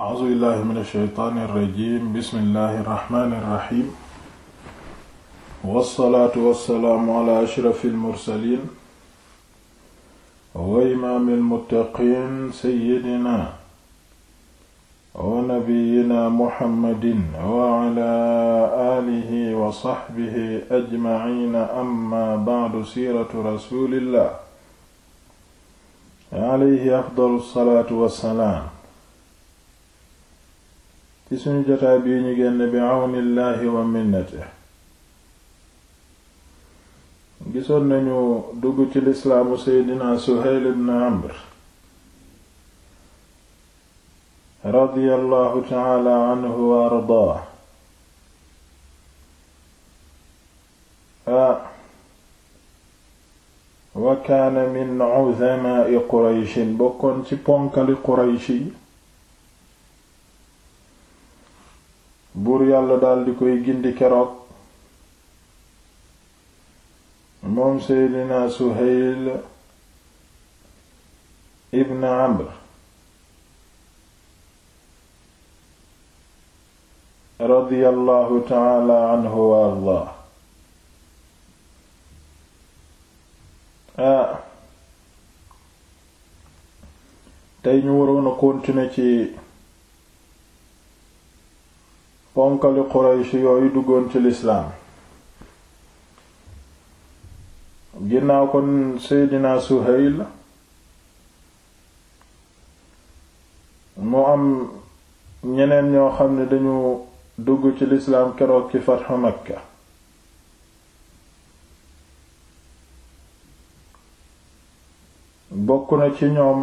a'uuzu billahi min ash-shaytaani irrajim bismillahi irrahmani irrahim wassalaatu wassalaamu ala ashrafi almursalin wa imaami almuttaqiin sayyidina wa nabiyyina muhammadin wa ala alihi wa sahbihi ajmaciina amma ba'du siiratu rasulillah alayhi afdalu salaatu wassalaam ci suñu jotaay bii ñu génn bi wa minnati gisoon nañu dugg ci lislaamu seydina Suhayl ibn Amr radiyallahu taala anhu wa ardaa ah wa kaana min uzamaa'i Qurayshin bokkoon ci ponkali Qurayshi buur yàlla daldi koy gindi keroog moom seydina Suhayl ibn Amr radiyallahu taala anhu wa ardaa ah. tey ñu waroon a continuer ci ponkali Quraysh yooyu duggoon ci lislaam ginnaaw kon Seydina Suhayl mu am ñeneen ñoo xam ne dañu dugg ci lislaam keroog ci fatxu Makka bokk na ci ñoom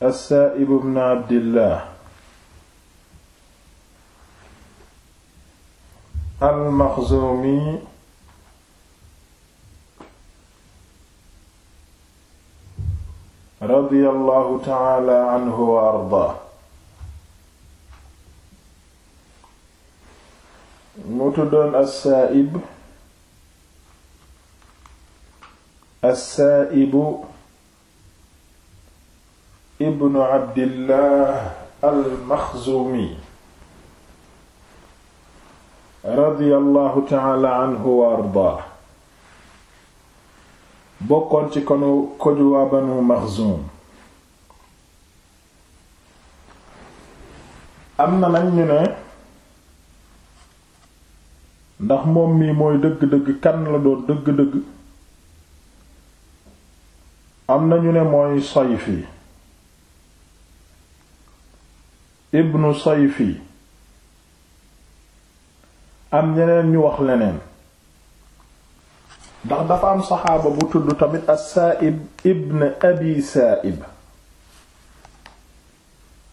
as-Saa'ib ibn Abdillah al-Maxzumi radiyallahu ta'ala anhu wa ardaa mu tuddoon as-Saa'ib as-Saa'ibu ibnu abdillah almaxzuumi radiyallahu taala anhu wa ardaa bokkoon ci konu koju waa banu maxzuum am na nag ne ndax moom mii mooy dëgg-dëgg kan la doon dëgg-dëgg am na ñu ne mooy fii ibnu sayfi am ñeneen ñu wax leneen ndax dafa am saxaaba bu tudd tamit as-Sa'ib ibn abi Sa'ib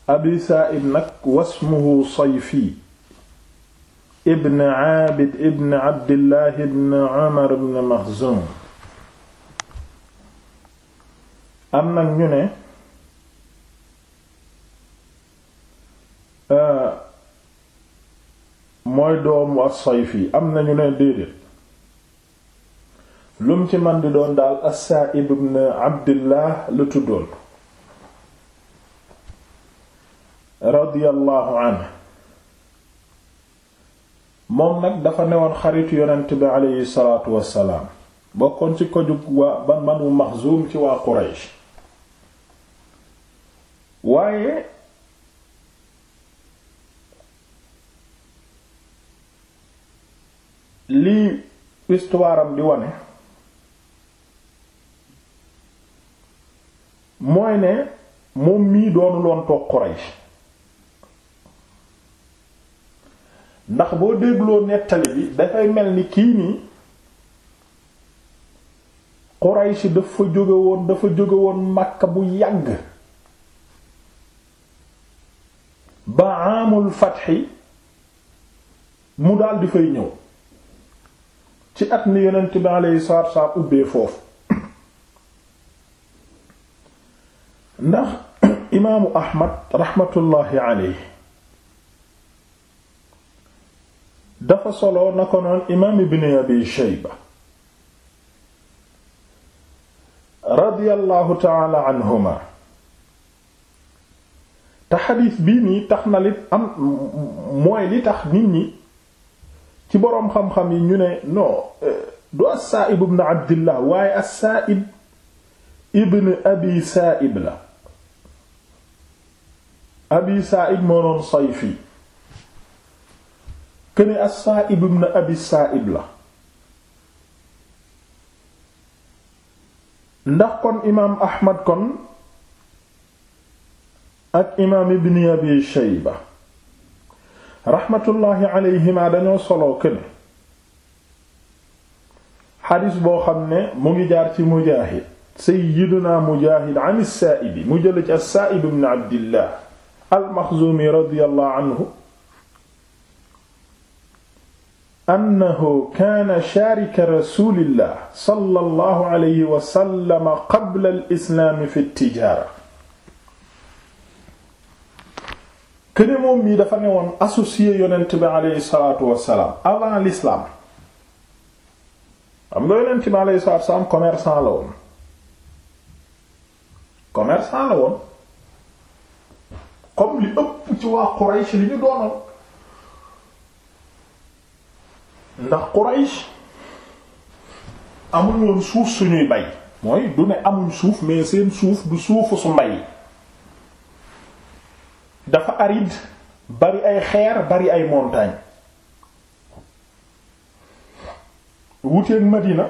abi Sa'ib nag wasmuhu sayfi ibn Abid ibn Abdillah ibn Umar ibn Makhzum am nag ñu ne mooy doomu as-Sayfi am nañu ne déedéet lum ci man di doon daal as-Sa'ib ibn Abdillah la tuddoon radiyallahu anhu moom nag dafa newoon xaritu yonent bi aleyhi salaatu wassalaam bokkoon ci ko jug waa ban Banu Maxzum ci waa Quraysh waaye lii histoire am di wane mooy ne moom mii doonu loon toog ndax boo dégloo nettali bi dafay mel ni kii nii Quraysh dafa jóge woon dafa jóge woon bu yàgg ba amul fatxi mu daldi fay ñëw ci at mi yonent bi alayhi salaatu wa ubbee foofu ndax imaamu ahmad raxmatullaahi alayhi dafa solo na ko noon imaam ibn abi shayba radiyallahu taala anhuma te xadiis bii nii tax na li mooy li tax nit ñi ci boroom xam-xam yi ñu ne non euh, du as-Sa'ib ibn Abi Sa'ib la Abi Sa'ib moo doon Sayfi këne as-Sa'ib ibn Abi Sa'ib la ndax kon imaam Ahmad kon ak imaam Ibn Abi Shayba raxmatullahi alayhima dañoo soloo këne xadis boo xam ne mu ngi jaar ci mujaahid sayyiduna mujaahid an as-Saa'ib mu jël ci as-Saa'ib ibn abdillah al-Maxzuumi radiyallahu anhu annahu kaana shaarika rasuulillah sallallahu alayhi wa sallam qabla al-islaam fi at-tijaara këne moom mii dafa newoon associé yonent bi aleyhi salaatu wassalaam avant l'islam xam nga yonent bi aleyhi salaatu wassalaam commerçant la woon commerçant la woon comme li ëpp ci waa Quraysh li ñu doonoon ndax Quraysh amuñ woon suuf suñuy bay mooy du ne amul suuf mais seen suuf du suufu su mbay dafa aride bari ay xeer bari ay montagne wuteeg Madina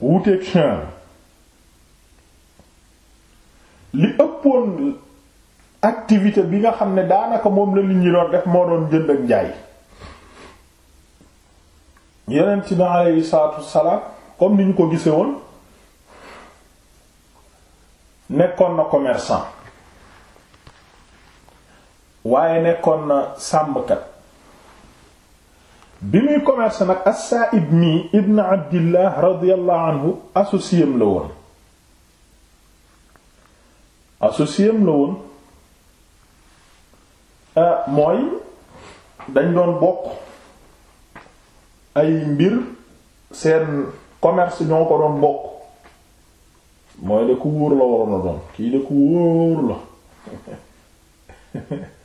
wuteeg Sham li ëppoon activité bi nga xam ne daanaka moom la nit ñi doon def moo doon jënd ak njaay yonent bi aleyhi salaatu wassalaam comme ni ñu ko gise woon nekkoon na commerçant waaye nekkoon na sàmmkat bi muy commerce nag as-Sa'ib mi ibn abdillah radiyallahu anhu la woon associé la woon euh, mooy dañ doon bokk ay mbir seen commerce ñoo ko doon bokk mooy de ku wóor la waroon a doon kii de ku wóor la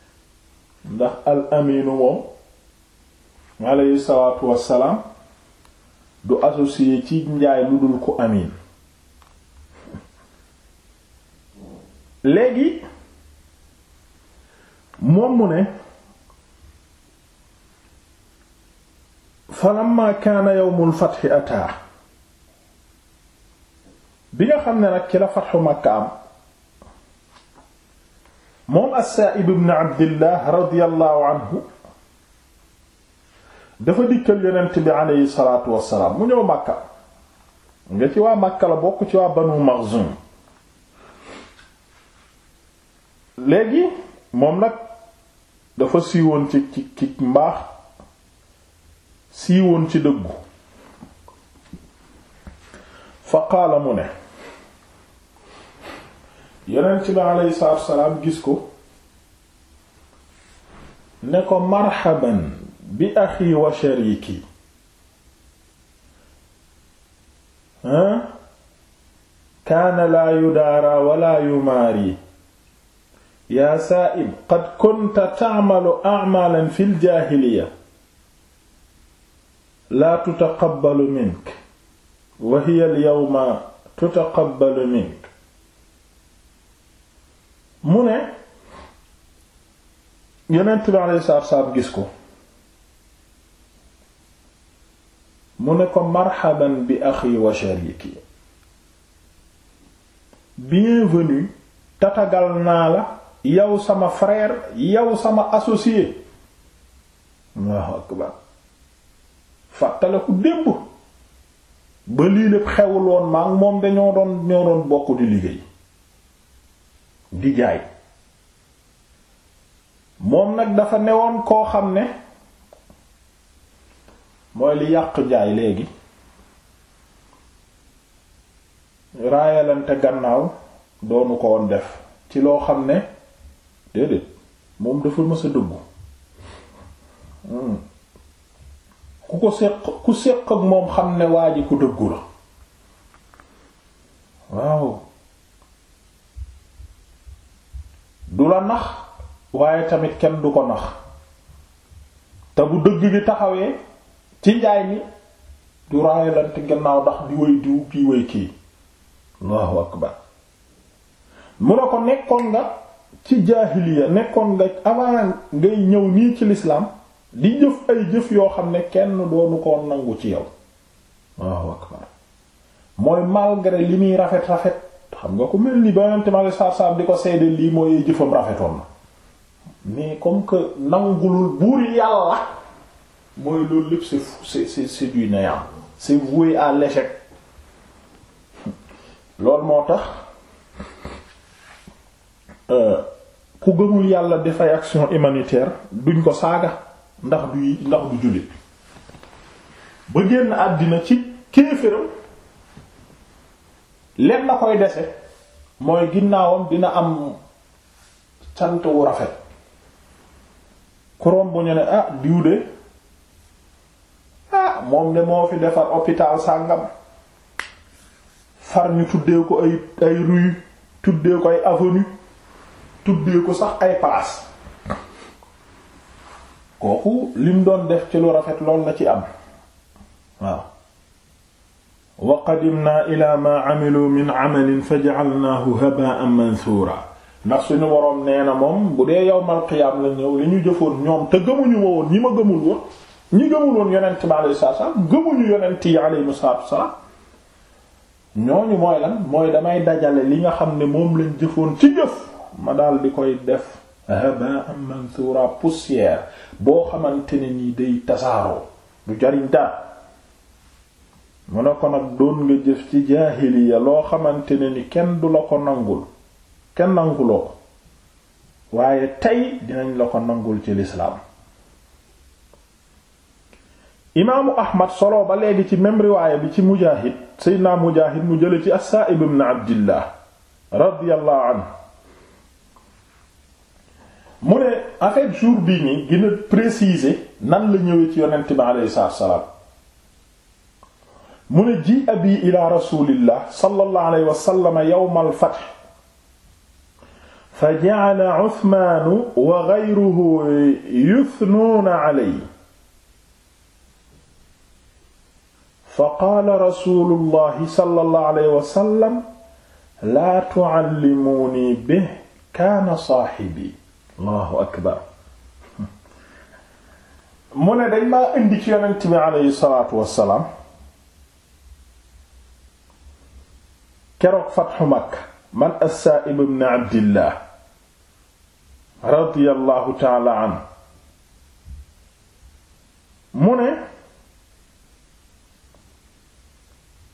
ndax al aminu moom alayhi salaatu wassalaam du associé ci njaay lu dul ku amin léegi moom mu ne falamma kaana yawmul fathi ataa bi nga xam ne nag ci la fathu Makka am moom as-Sa'ib ibn Abdillah radiyallahu anhu dafa dikkal yonent bi aleyhi salaatu wassalaam mu ñëw Makka nga ci waa Makka la bokk ci waa Banu Makhzum léegi moom nag dafa siiwoon ci ci ci mbaax siiwoon ci dëggu fa qaala mu ne yonent bi aleyhi salaatu wasalaam gis ko ne ko marhaban bi axi wa shariki hein kaana laa yudaara wala yumaari yaa saaib qad kunta taamalu amaalan fi ljaahiliya laa tutaqabbalu mink wa hiya alyawma tutaqabbalu mink mu ne yonent bi alayhi salaatu gis ko mu ne ko marhaban bi yi kii shariki bienvenue tatagal naa la yow sama frère yow sama associé Allahu akbar fàttaliku démb ba lii lépp xewuloon maa ngi moom dañoo doon ñoo doon bokk di liggéey di jaay moom nag dafa newoon koo xam ne mooy li yàq jaay léegi raayalante gannaaw doonu ko woon def ci loo xam ne déedéet moom dafa mës a dëggu hmm. ku ko séq ku séq ak moom xam ne waa ji ku dëggu la waaw du la nax waaye tamit kenn du ko nax te bu dëgg gi taxawee ci njaay mi du raayalante gannaaw ndax di wéy diw kii wéy kii Allahu akbar mu ne ko nekkoon nga ci jaahiliya nekkoon nga avant ngay ñëw nii ci lislaam di jëf ay jëf yoo xam ne kenn doonu ko nangu ci yow Allahu akbar mooy malgré li muy rafet rafet xam nga ko mel ni ba yonent ma saab di ko seede lii mooy jëfam rafetoon na mais comme que nangulul buur yàlla mooy loolu lépp c'est c'est c'est du néant c'est voué à l'échec loolu moo tax euh, ku gëmul yàlla dafay action humanitaire duñ ko saaga ndax du ndax du jullit ba génn àddina ci kéefëram leen na koy dese mooy ginnaawam dina am sant wu rafet kurom bu ñu ne ah diw de ah moom de moo fi defar hôpital sàngam far ñu tuddee ko ay ay rue tuddee ko ay avenue tuddee ko sax ay place kooku lim doon def ci lu rafet lool la ci am waaw wa qadimnaa ilaa maa amilu min amalin fa ja'alnaahu haba'an mansuura ndax suñu boroom nee na moom bu dee yawmal qiyaam la ñëw li ñu jëfoon ñoom te gëmuñu ma woon ñi ma gëmul woon ñi gëmul woon yonent bi alayhi salaatu salaam gëmuñu yonent yi alayhi salaatu salaam ñooñu mooy lan mooy damay dajale li nga xam ne moom lañ jëfoon ci jëf ma daal di koy def haba'an mansuura poussière boo xamante ne nii day tasaaroo du jariñ dara mu ne ko nag doon nga jëf ci jaahiliya loo xamante ne ni kenn du la ko nangul kenn nanguloo ko waaye tey dinañ la ko nangul ci lislaam imaamu ahmad solo ba léegi ci même riwaaya bi ci mujaahid seydinaa mujaahid mu jële ci as-Saa'ib ibn abdillah radiyallahu anhu mu ne en jour bii nii gën a nan la ñëwee ci yonent bi alayhi salaatu salaam mu ne ji abi ila rasulillah sallallahu alayhi wa sallam yawm al-fath fa ja'ala Uthman wa ghayruhu yuthnuuna alayhi fa qaala rasuulullahi sallallahu alayhi wa sallam laa tu'allimuunii bihi kaana saahibii Allahu akbar mu ne dañ maa indi ci yonent bi alayhi salaatu wa salaam keroog fatxu makka man as-Sa'ib ibn Abdillah radiyallahu ta'ala anhu mu ne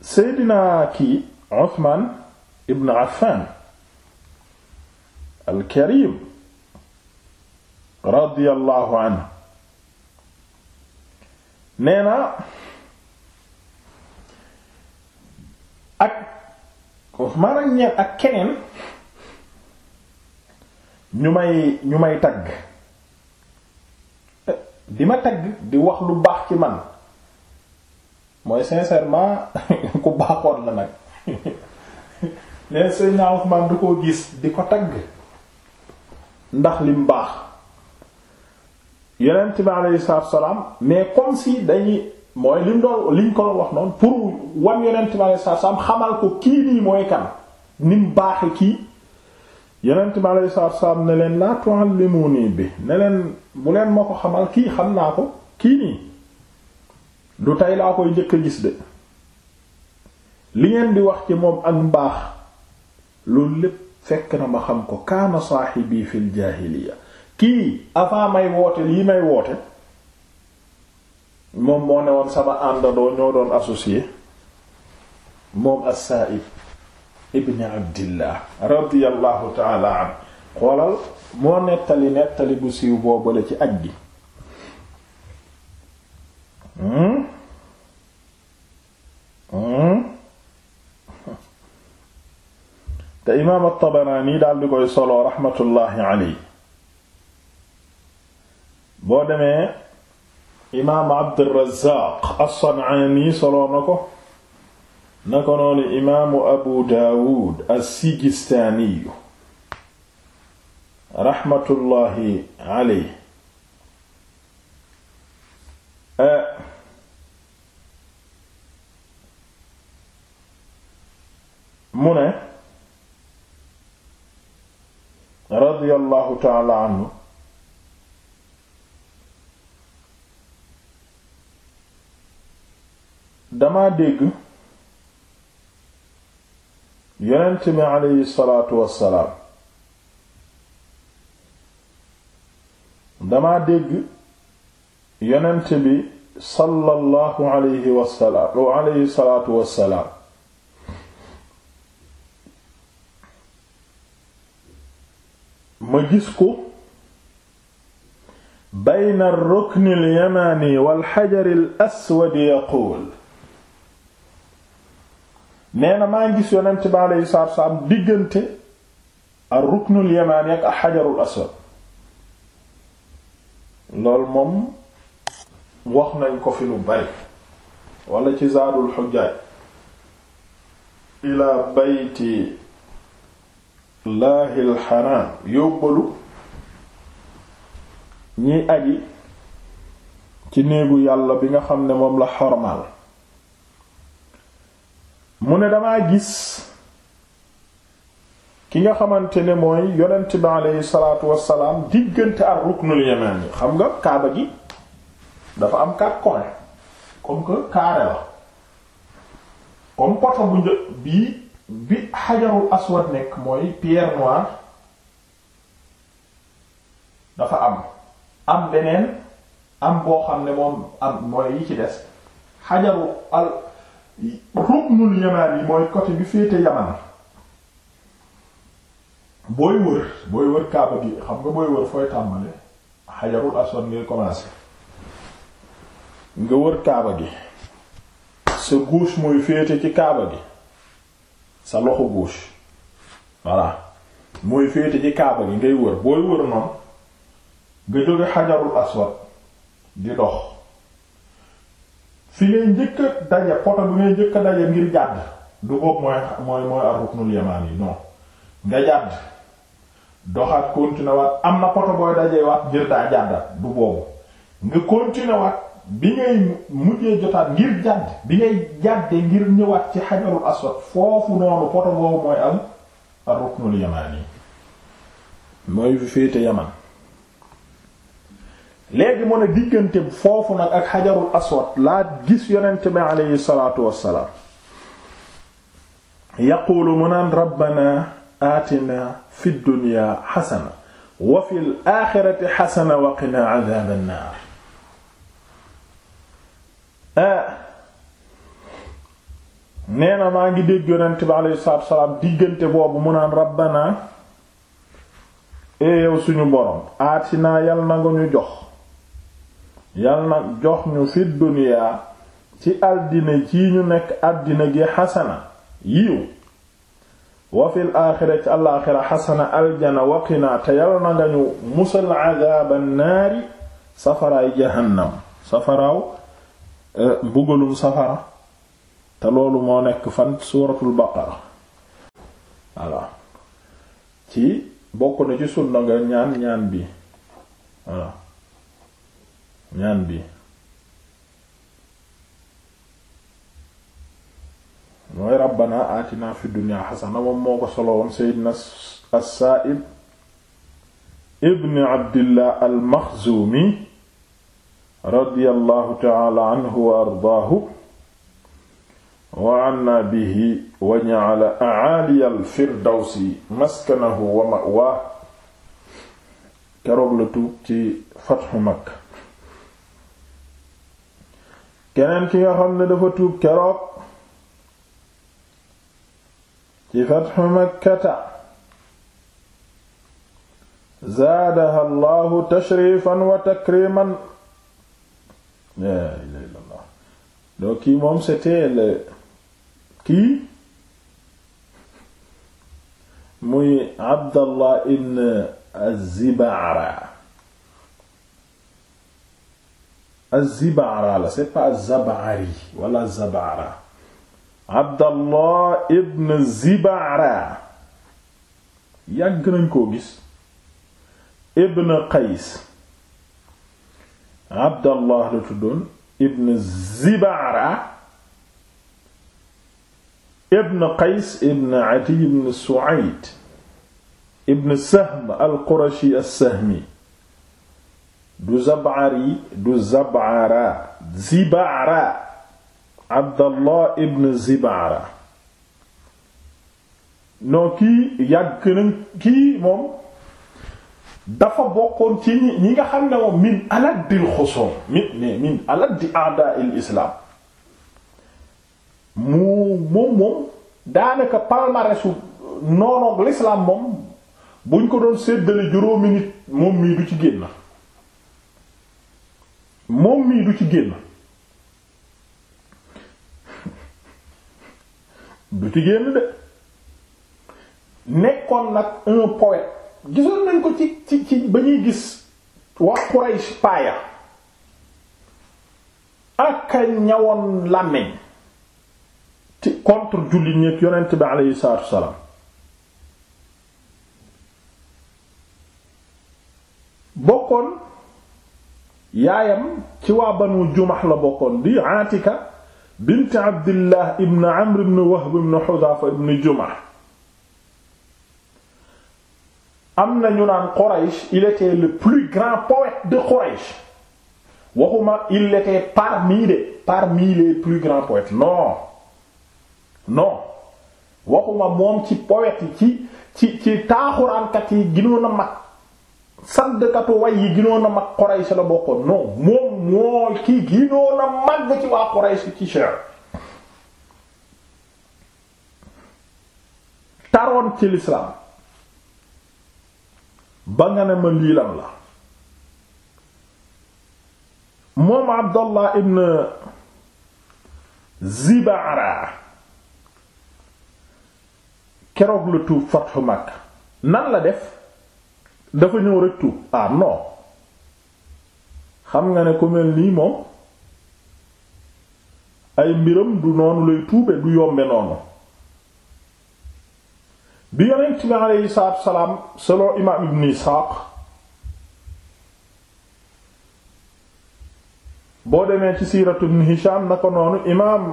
seydinaa kii Usmaan ibn Affan al-Karim radiyallahu anhu nee na Usmaan ak ñeen ak keneen ñu may ñu may tagg eh, di ma tagg di wax lu baax ci man mooy sincèrement ku baaxoon la nag leen Seydina Usmaan du ko gis di ko tagg ndax lim baax yonent bi aleyhi salaam mais comme si dañuy mooy lim doon liñ ko wax noonu pour wan yonent bi alayhi salaatu salaam xamal ko kii nii mooy kan ni mu baaxe kii yonent bi alayhi salaatu salaam ne leen laa tu'allimuunii bi ne leen bu leen moo ko xamal kii xam naa ko kii nii du tey laa koy njëkk gis de li ngeen di wax ci moom ak mbaax loolu lépp fekk na ma xam ko kaana saahibii fil jaahiliya kii avant may woote lii may woote moom moo ne woon sama àndandoo ñoo doon associé moom as-Sa'ib ibn Abdillah radiyallahu ta'ala an xoolal moo nettali nettali bu siiw boobale ci aj hmm? Hmm? te imaam at-Tabarani daal di koy solo raxmatullaahi alayhi boo demee imaam Abdurrazaaq as-San'aani soloo na ko na ko noonu imaamu Abu Daawud as-Sijistaaniyu raxmatullaahi alayhi eh, mu ne radiyallaahu ta'aala anhu dama dégg yonent bi aleyhi salaatu wassalaam dama dégg yonent bi sallallahu alayhi wassalaam wa aleyhi salaatu wassalaam ma gis ko bayna ar-rukni al-yamani wal hajar al-aswad yaqul nee na maa gis yonent bi aleyhi salaatu wasalaam diggante ar ruknul yamaani ak xajarul aswad loolu moom wax nañ ko fi lu bari walla ci zaadul xujjaaj ila bayti laahil xaraam yóbbalu ñiy aji ci néegu yàlla bi nga xam ne moom la xormaal mu ne damaa gis ki nga xamante ne mooy yonent bi aleyhi salaatu wassalaam diggante ak ruknul yamani xam nga kaaba gi dafa am quatre coins comme que carré la comme poto bu një bii bi xajarul aswad nekk mooy pierre noire dafa am am beneen am boo xam ne moom am mooy yi ci des xajarul al ruknul yamaan yi mooy côté bi féete yaman booy wër booy wër kaaba gi xam nga booy wër fooy tàmbale xajarul aswad ngay commencé nga wër kaaba gi sa gauche mooy féete ci kaaba gi sa loxo gauche voilà mooy féete ci kaaba gi ngay wër booy wër noonu nga jóge xajarul aswad di dox fi ngay njëkk a daje poto bi ngay njëkk a daje ngir jàdd du boobu mooy mooy mooy ar-ruknul yamaani non nga jàdd doxaat continuer am na poto booy dajee waat ngir daa jàdda du boobu nga continuer bi ngay mujjee jotaat ngir jàdd bi ngay jàdde ngir ñëwaat ci xajarul aswad foofu noonu poto boobu mooy am ar-ruknul yamaani mooy fi féete yaman léegi mu ne diggante foofu nag ak xajarul aswad laa gis yonent bi aleyhi salaatu wassalaam yaquulu mu naan rabbana aatina fi dunya xasana wa fil aaxirati xasana wa qina adaaban ah, na maa ngi dégg yonent bi aleyhi salaatu wassalaam boobu mu naan rabbana eh suñu borom aatina yal na nga ñu jox yal na jox ñu fi duniyaa ci àddina ci ñu nekk àddina gi xasana yiw wa fil aaxira ci alaaxira xasana aljana waqinaa te yal na nga ñu musal àddaaba naari safaraay jahannam safaraaw e, mbugalum safara te loolu moo nekk fan suuratul baqara voilà ci bokk na ci sunna nga ñaan ñaan bi voilà ñaan bi mooy rabbana aatina fi dunya xasana moom moo ko solo woon seydina as-Sa'ib ibn abdillah al-Maxzumi radiyallahu ta'ala anhu wa ardaahu wa anna bihi wa ja'ala a'aaliya al-firdawsi maskanahu wa ma'waahu keroog la tuub ci fatxu Makka keneen ki nga xam ne dafa tuub keroog ci makkata zaadaha allahu tashrifan wa takriman la ilaha illallah donc kii moom c'était le muy abdallah ibn azibara az-Zibara la c'est pas az-Zabari wala az-Zabara Abdallah ibn Zibara yàgg nañ koo gis ibn Qays Abdallah la tuddoon ibn Zibara ibn Qays ibn Atiy ibn Su'ayd ibn Sahm al-Qurashi as-Sahmi du zabari du zabara zibara abdallah ibn zibara non kii yàgg nañ kii moom dafa bokkoon ci ñi ñi nga xam ne moom min aladdil xusum min ne min aladdi aadail islam mu moom moom daanaka palmarèsu noonoog l'islam moom buñ ko doon séddale juróomi nit moom mii du ci génn moom mii du ci génn du ci génn de nekkoon nag un poète gisoon nañ ko ci ci ci gis waa Quraysh paaya ak a ñawoon làmmiñ ci contre jullit ñépp yonent bi aleyhi salaatu bokkoon yaayam ci waa banu jumax la bokkoon di Atika bint Abdillah ibn Amr ibn Wahb ibn Hudhafa ibn Jumax am na ñu naan Quraysh il était le plus grand poète de Quraysh waxuma il était parmi les parmi les plus grands poètes non non waxuma moom ci poète yi ci ci taaxuraankat yi ginoon a mag saddkatu way yi ginoon a mag Quraysh la bokkoon non moom moo kii ginoon a mag ci waa Quraysh ci cher taroon ci lislaam ba nga ne ma liilam la moom Abdallah ibn Zibara keroog la tuub Fathu Makka nan la def dafa ñëw rek tuub ah non xam nga ne ku mel nii moom ay mbiram du noonu lay tuube du yombe noonu bi yonent bi aleyhi salaatu salaam solo imaam ibn Isaaq boo demee ci siiratu ibn Hisham na ko noonu imaam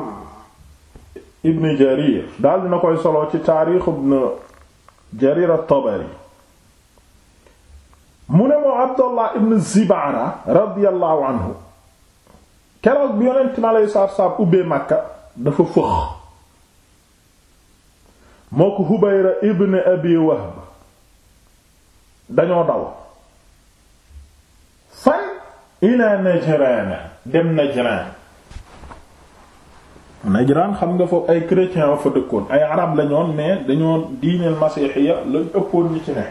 ibn Jarir daal dina koy solo ci taarix ibn Jarir at mu ne moo abdallah ibn zibaana radiallahu anhu keroog bi yonent mi aleyhi salaatu salaam ubbee makka dafa fëx moo ko hubayra ibn abi dañoo daw fan ila najraan dem najraan najraan xam nga foofu ay chrétien wa fa dëkkoon ay arab lañoon mais dañoo diineel masiixiya lañ ëppoon ñi ci ne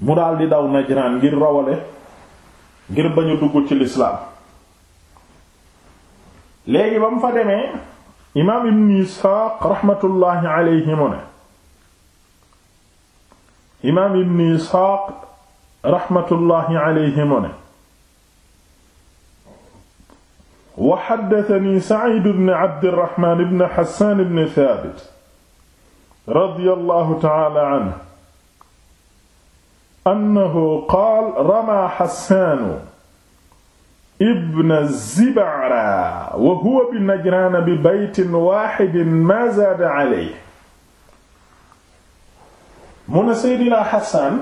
mu daal di daw Najraan ngir rawale ngir bañu dugg ci lislaam léegi ba mu fa demee imaam ibn Isxaaq raxmatullaahi alayhi mu ne imaam ibn Isxaaq raxmatullaahi alayhi mu ne wa xaddatani Saciid ibn Abdirraxmaan ibn Xassaan ibn Saabit radiyallaahu ta'aala annahu qaal rama xassaanu ibn zibara wa huwa bi najrana bi baytin waaxidin ma zaada aleyhi mu ne seydina xassaan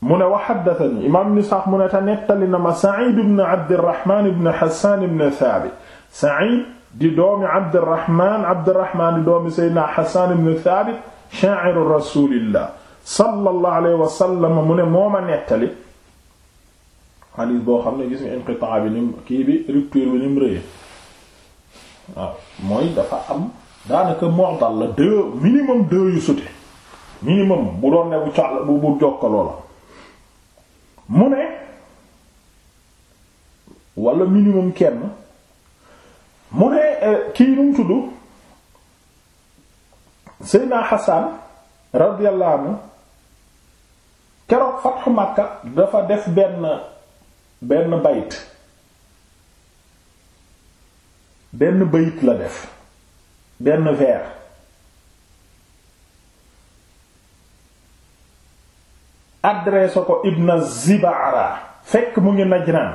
mu ne wa xaddatani imaam nisaax mu ne te nettali na ma said ibn abdirahman ibn xassaan ibn thaabit said di doomi abdirahman abdirahman di doomi seydina xassaan ibn thaabit shaa'iru rasuulillah sallallahu alayhi wa sallam mu ne moo ma nettali xadiis boo xam ne gis nga inqitaa bi nim kii bi rupture bi nim rëyee waaw mooy dafa am daanaka mu'dal la deux bu jokkaloo la mu ne wala minimum kenn mu ne eh, kii num tudd Seydina Hassan radiyallahu keroog fatxu Makka dafa def benn benn bayit benn bayit la def benn vers adresse ko Ibn Zibara fekk mu ngi Najran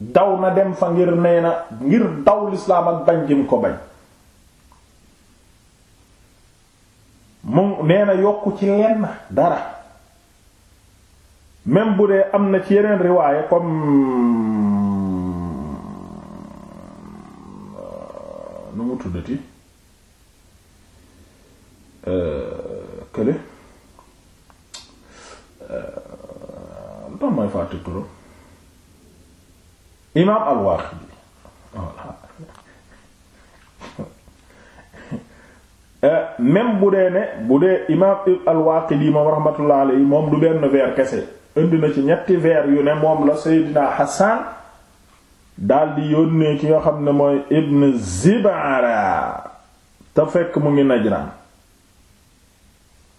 daw na dem fa ngir nee na ngir daw lislaam ak bañ jim ko bañ mu nee na yokku ci lenn dara même bu dee am na ci yeneen riwaaya comme euh, nu mu tuddati euh, kële euh, lu tax may imaam al-Waaqidi même bu dee ne bu dee imaam al-Waaqidi moom rahmatullah alayhi moom du benn weer kese indi na ci ñetti vers yu ne moom la Seydina Hassan daldi yónnee ki nga xam ne mooy Ibn Zibara te fekk mu ngi Najran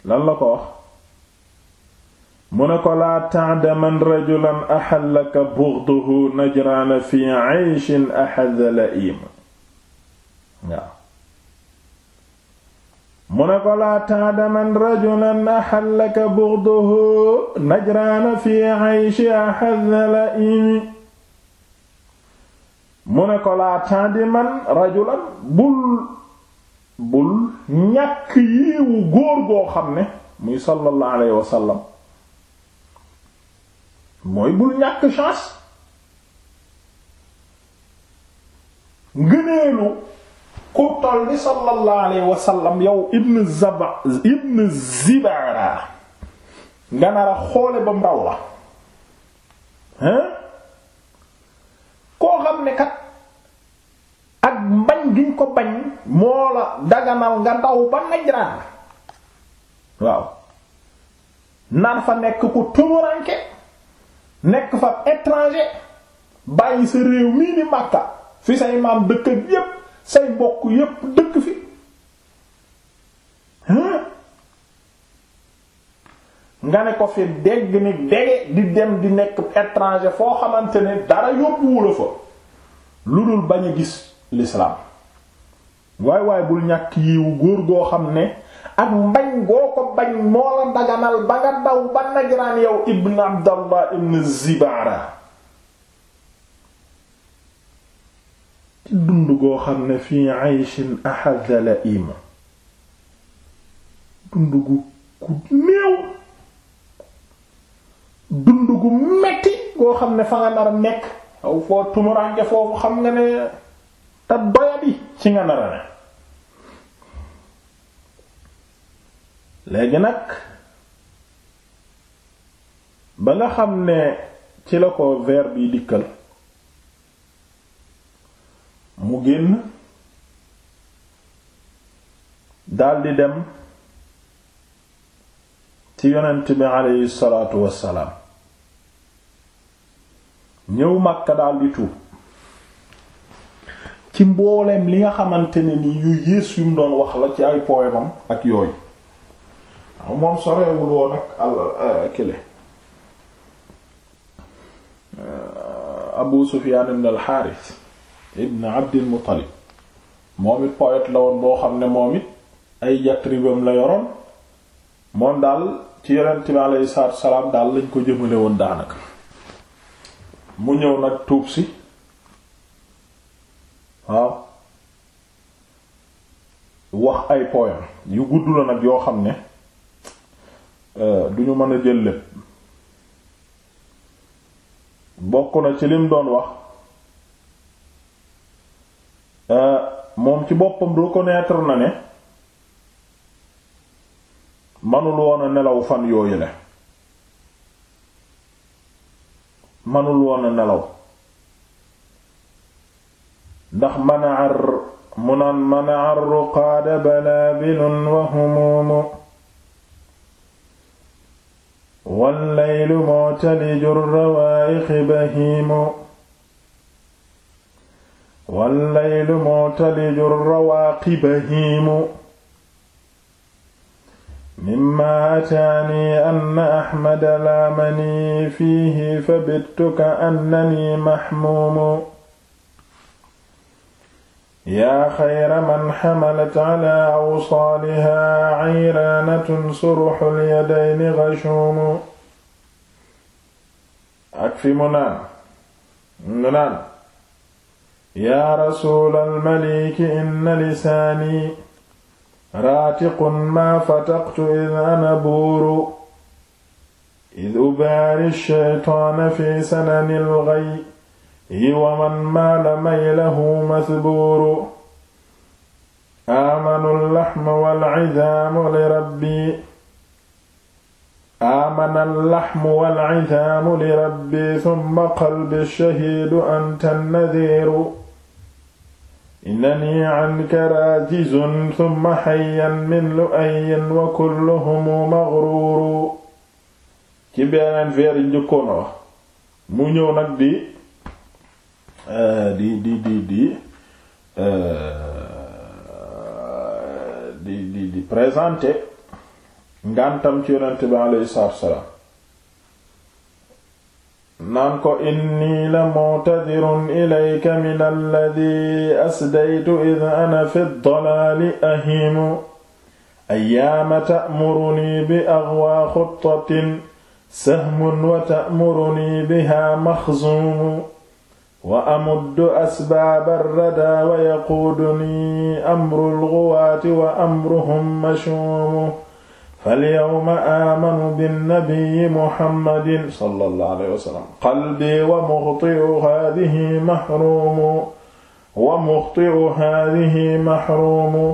lan la ko mu ne ko laa ta'daman rajulan ahallaka bughduhu Najran fi 'ayshin ahadha waaw mu ne ko laa taadaman rajulan axallaka bughduhu najraana fi ayshi ahadha la'imi mu ne ko laa taadaman rajulan bul bul yiiwu góor goo xam ne muy sallallahu alayhi wa sallam mooy bul ñàkk chance ngëneelu ku toll ni sallallahu alayhi wa yow ibn zaba ibn zibara nga nar xoole bam ndaw la hein koo xam ne kat ak mbañ giñ ko bañ moo la daganal nga ndaw ba najraan waaw naan fa nekk ku tumuranke nekk fa étranger bàyyi sa réew mii ni Makka fi say maam dëkk yépp say bokk yépp dëkk fi nga ne ko fi dégg ni dege di dem di nekk étranger foo xamante ne dara yóbbuwula fa lu dul bañ gis l'islam waay waay bul ñàkk yiwu góor goo xam ne ak mbañ goo ko bañ moo la daganal ba nga daw ba najraan yow ibn abdallah ibn zibara dund goo xam ne fii ayshin ahadda dund gu ku néew dund gu metti goo xam ne fa nga nar a nekk aw foo tumuraange foofu xam nga ne te doyadi ci nga nar a ne léegi nag ba nga xam ne ci la ko verbe yi dikkal mu génn daldi dem ci yonent bi aleyhi wassalaam ñëw Makka daldi tuub ci mbooleem li nga xamante ne ni yu yées yu doon wax la ci ay poemam ak yooyu moom sorewul woon ak al euh, kile euh, Abu Sufyaan ibn al Haaris ibn Abdil Muttalib moom it poète la woon boo xam ne moom it ay yatribam la yoroon moom daal ci yonent bi aleyhi salaatu daal lañ ko jëmale woon daanaka mu ñëw nag tuub si waaw wax ay poème yu gudd la nag yoo xam ne euh, duñu mën a jël lépp bokk na ci lim doon wax Euh, moom ci boppam reconnaître na ne manul woon a nelaw fan yooyu la manul woon a nelaw ndax manaar mu naan manaar ruqaada balaabilun wa humuumu wal laylu mu'talijur rawaaixi bahiimu wallaylu mu'taliju rawaaqi bahiimu mimma ataani anna ahmada laamani fiihi fa bittu ka annani mahmuumu yaa xayra man xamalat ala awsaaliha cayraanatun suruxul yadayni gashuumu ak fi mu naan mu naan yaa rasuulal maliki inna lisaani raatiqun maa fataqtu id ana buuru id ubaari shaytaana fi sananil ghayyi wa man maala maylahu masbuuru aamanu laxma wal izaamu li rabbi aamana laxmu wal izaamu li rabbi summa qalbi shahiidu anta nadiiru innani an karaajizun thumma hayyan min lu'ayyin wa kulluhum maghruur ci beneen veer yi njëkkoon mu ñëw nag di di di di di di di di ngantam ci yonent bi alayhi salaatu salaam naan ko inni la mu'tadirun ilayka min alladhi asdaytu id ana fi ddalaali ahimu ayyaama ta'muruni bi aghwa xuttatin sahmun wa ta'muruni biha maxzuumu wa amuddu asbaaba rradaa wa yaquuduni amru lguwaati wa amruhum mashuumu falyawma aamanu binnabiyyi muhammadin sallallahu alayhi wa sallam qalbi wa muxti'u haadihi mahruumu wa muxti'u haadihi mahruumu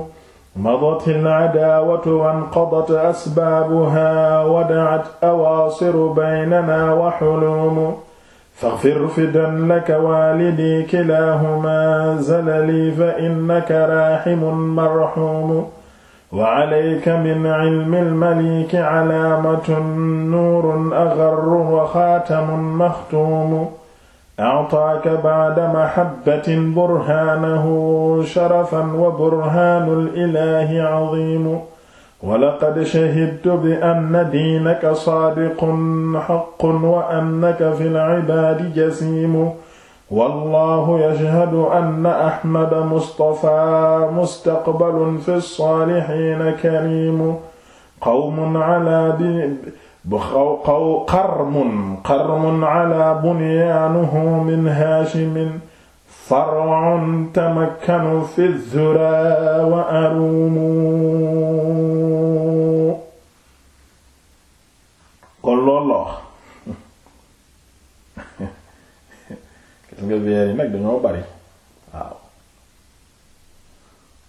madatil adaawatu wanqadat asbaabuhaa wada'at awaasiru baynanaa wa huluumu faghfir fidan laka waalidii kilaahumaa zalalii fa innaka raahimun marhuumu wa alayka min ilmi almaliki calaamatun nuurun agarrun wa xaatamun maxtuumu actaaka bacda mahabbatin burhaanahu sharafan wa burhaanu lilahi caziimu wa laqad shahidtu bi anna diinaka saadiqun xaqun wa annaka fi lcibaadi jasiimu wallahu yashhadu anna ahmada mustafaa mustaqbalun fi saalihiina kariimu qawmun ala qarmun qarmun ala bunyaanuhu min haashimin far'un tamakkanu fi zuraa wa aruumu kon loolu nga veer yi nag dañoo bari waaw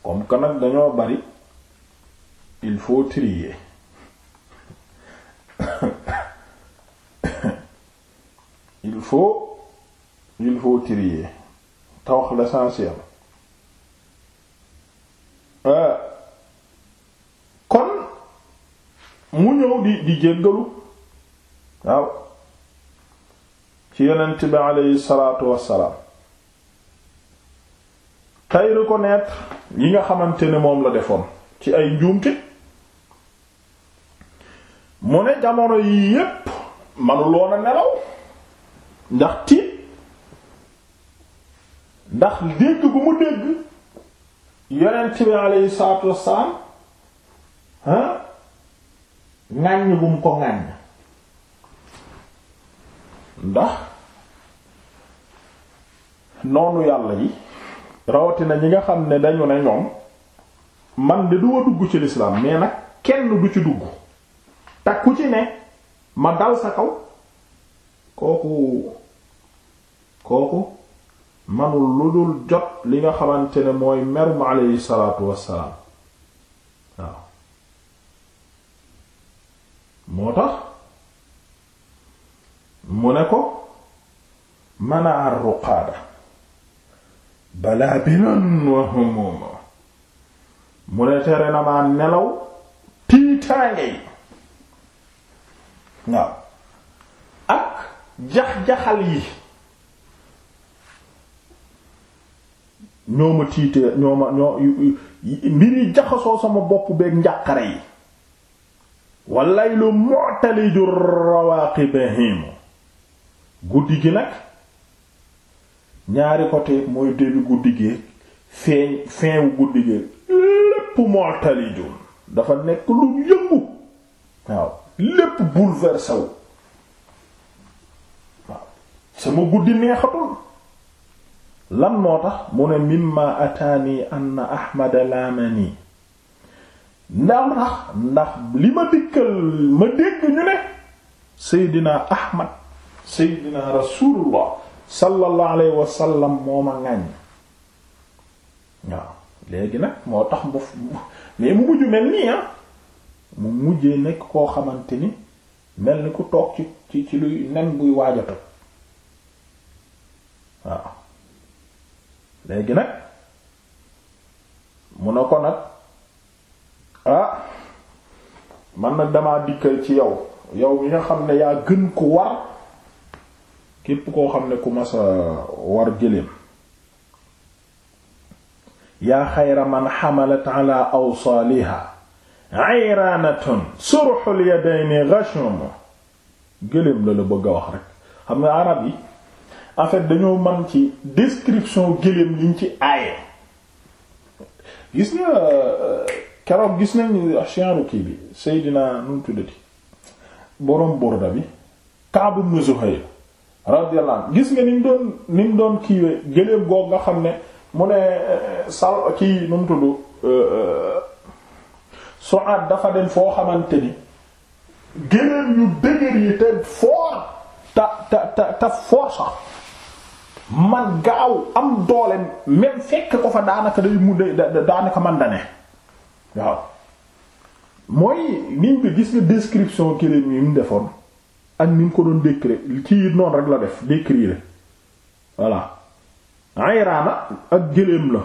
comme que nag dañoo bari il faut trier il faut il faut trier te wax l'essentiel euh, kon mu ñëw di di jéggalu waaw ci yonent bi aleyhi salaatu wassalaam tey reconnaître yi nga xamante ne moom la defoon ci ay njuumte mu ne jamono yii yépp manuloon a nelaw ndax tiit ndax dégg bu mu dégg yonent bi aleyhi salaatu wassalaam ah ŋàññ bu mu ko ŋàññ ndax noonu yàlla yi rawatina ñi nga xam ne dañu ne ñoom man de duma dugg ci lislaam mais na kenn du ci dugg te ci ne ma dal sa kaw kooku kooku manul lu dul jot li nga xamante ne mooy merum aleyhi salaatu wassalaam waaw moo tax mu ne ko manaar ruqaada balaa binan wa humuma mu ne tere na maa nelaw tiitaange yi waaw ak jax-jaxal yi ñoo ma tiitee ñoo ma ñoo mbiri jaxasoo sama bopp beeg njàqare yi walay lu mu'taliju rawaaqi bahimu guddi gi nag ñaari côté mooy début guddi gi feeñ fin guddi gi lépp mortali dafa nekk lu yëngu waaw lépp bouleversé waaw sama guddi neexatul lan moo tax mu ne mimma ataani anna ahmada laamani ndax li ma dikkal ma dégg ñu ne seydinaa ahmad seydina rasulullah sallallahu alayhi wa sallam moo ma waaw léegi nag moo tax mu mais mu mujj mel nii ah mu mujjee nekk koo xamante ni mel ni ku toog ci ci ci luy nen buy waajata waaw léegi nag mu ne ko nag ah man nag damaa dikkal ci yow yow mi xam ne yaa gën ko war képp koo xam ne ku masa war gëléem yaa xayra man xamalat ala awsaaliha ayranatun surxul yadayni ghashum gëléem la la bëgg a wax rek xam nga arab yi en fait dañoo man ci description gëléem liñ ci aaye gis nga keroog gis nañu chienru kii bi Seydina nu mu tuddati boroom Burda bi Ka'b ibn Zuhayr radiyallahu anhu gis nga ni mu doon ni doon kiiwee gëléem goog nga xam ne mu ne eh, sal kii nu mu tudd eh, eh, dafa dem foo xamante ni gëléem yu dëgër yi te foor ta ta foor sax man gaaw am doole même fekk ko fa daanaka day mu daanaka man da ne waaw mooy niñ ko gis nga description gëléem yi mu defoon ak ni mu ko doon décrire kii it noonu rek la def décrire voilà ayraana ak gëléem la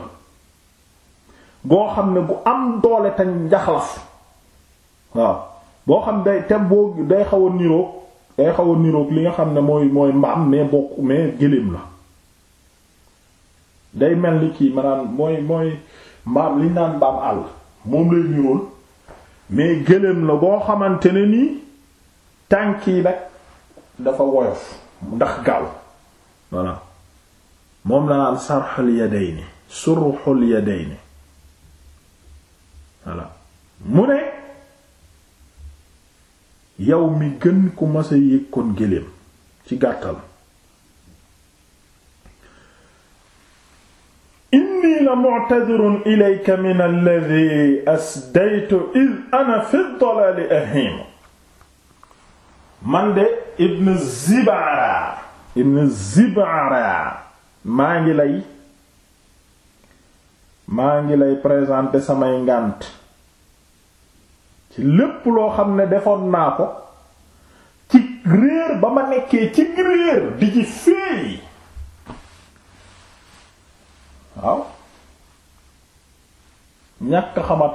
goo xam ne gu am doole te njaxlaf waaw boo xam day te boo day xaw a niroog day xaw a niroog li nga xam ne mooy mooy mbaam mais bokk mais gëléem la day mel ni kii maanaam mooy mooy mbaam liñ naan mbaam àll moom lay nirool mais gëléem la boo xamante nii tànk yi nag dafa woyof ndax gaaw voilà moom la naan sarxul yadayni surxul yadayni voilà mu ne yow mi gën ku masa yëkkoon géléem ci gàttal inni la mu'tadirun ilayka min alladhi asdaytu id ana fi dalaali ahimu man de ibn Zibara ibn Zibara maa ngi lay maa ngi lay présenter samay ngànt ci lépp loo xam ne defoon naa ko ci réer ba ma nekkee ci réer di ci féey waaw ñàkk xama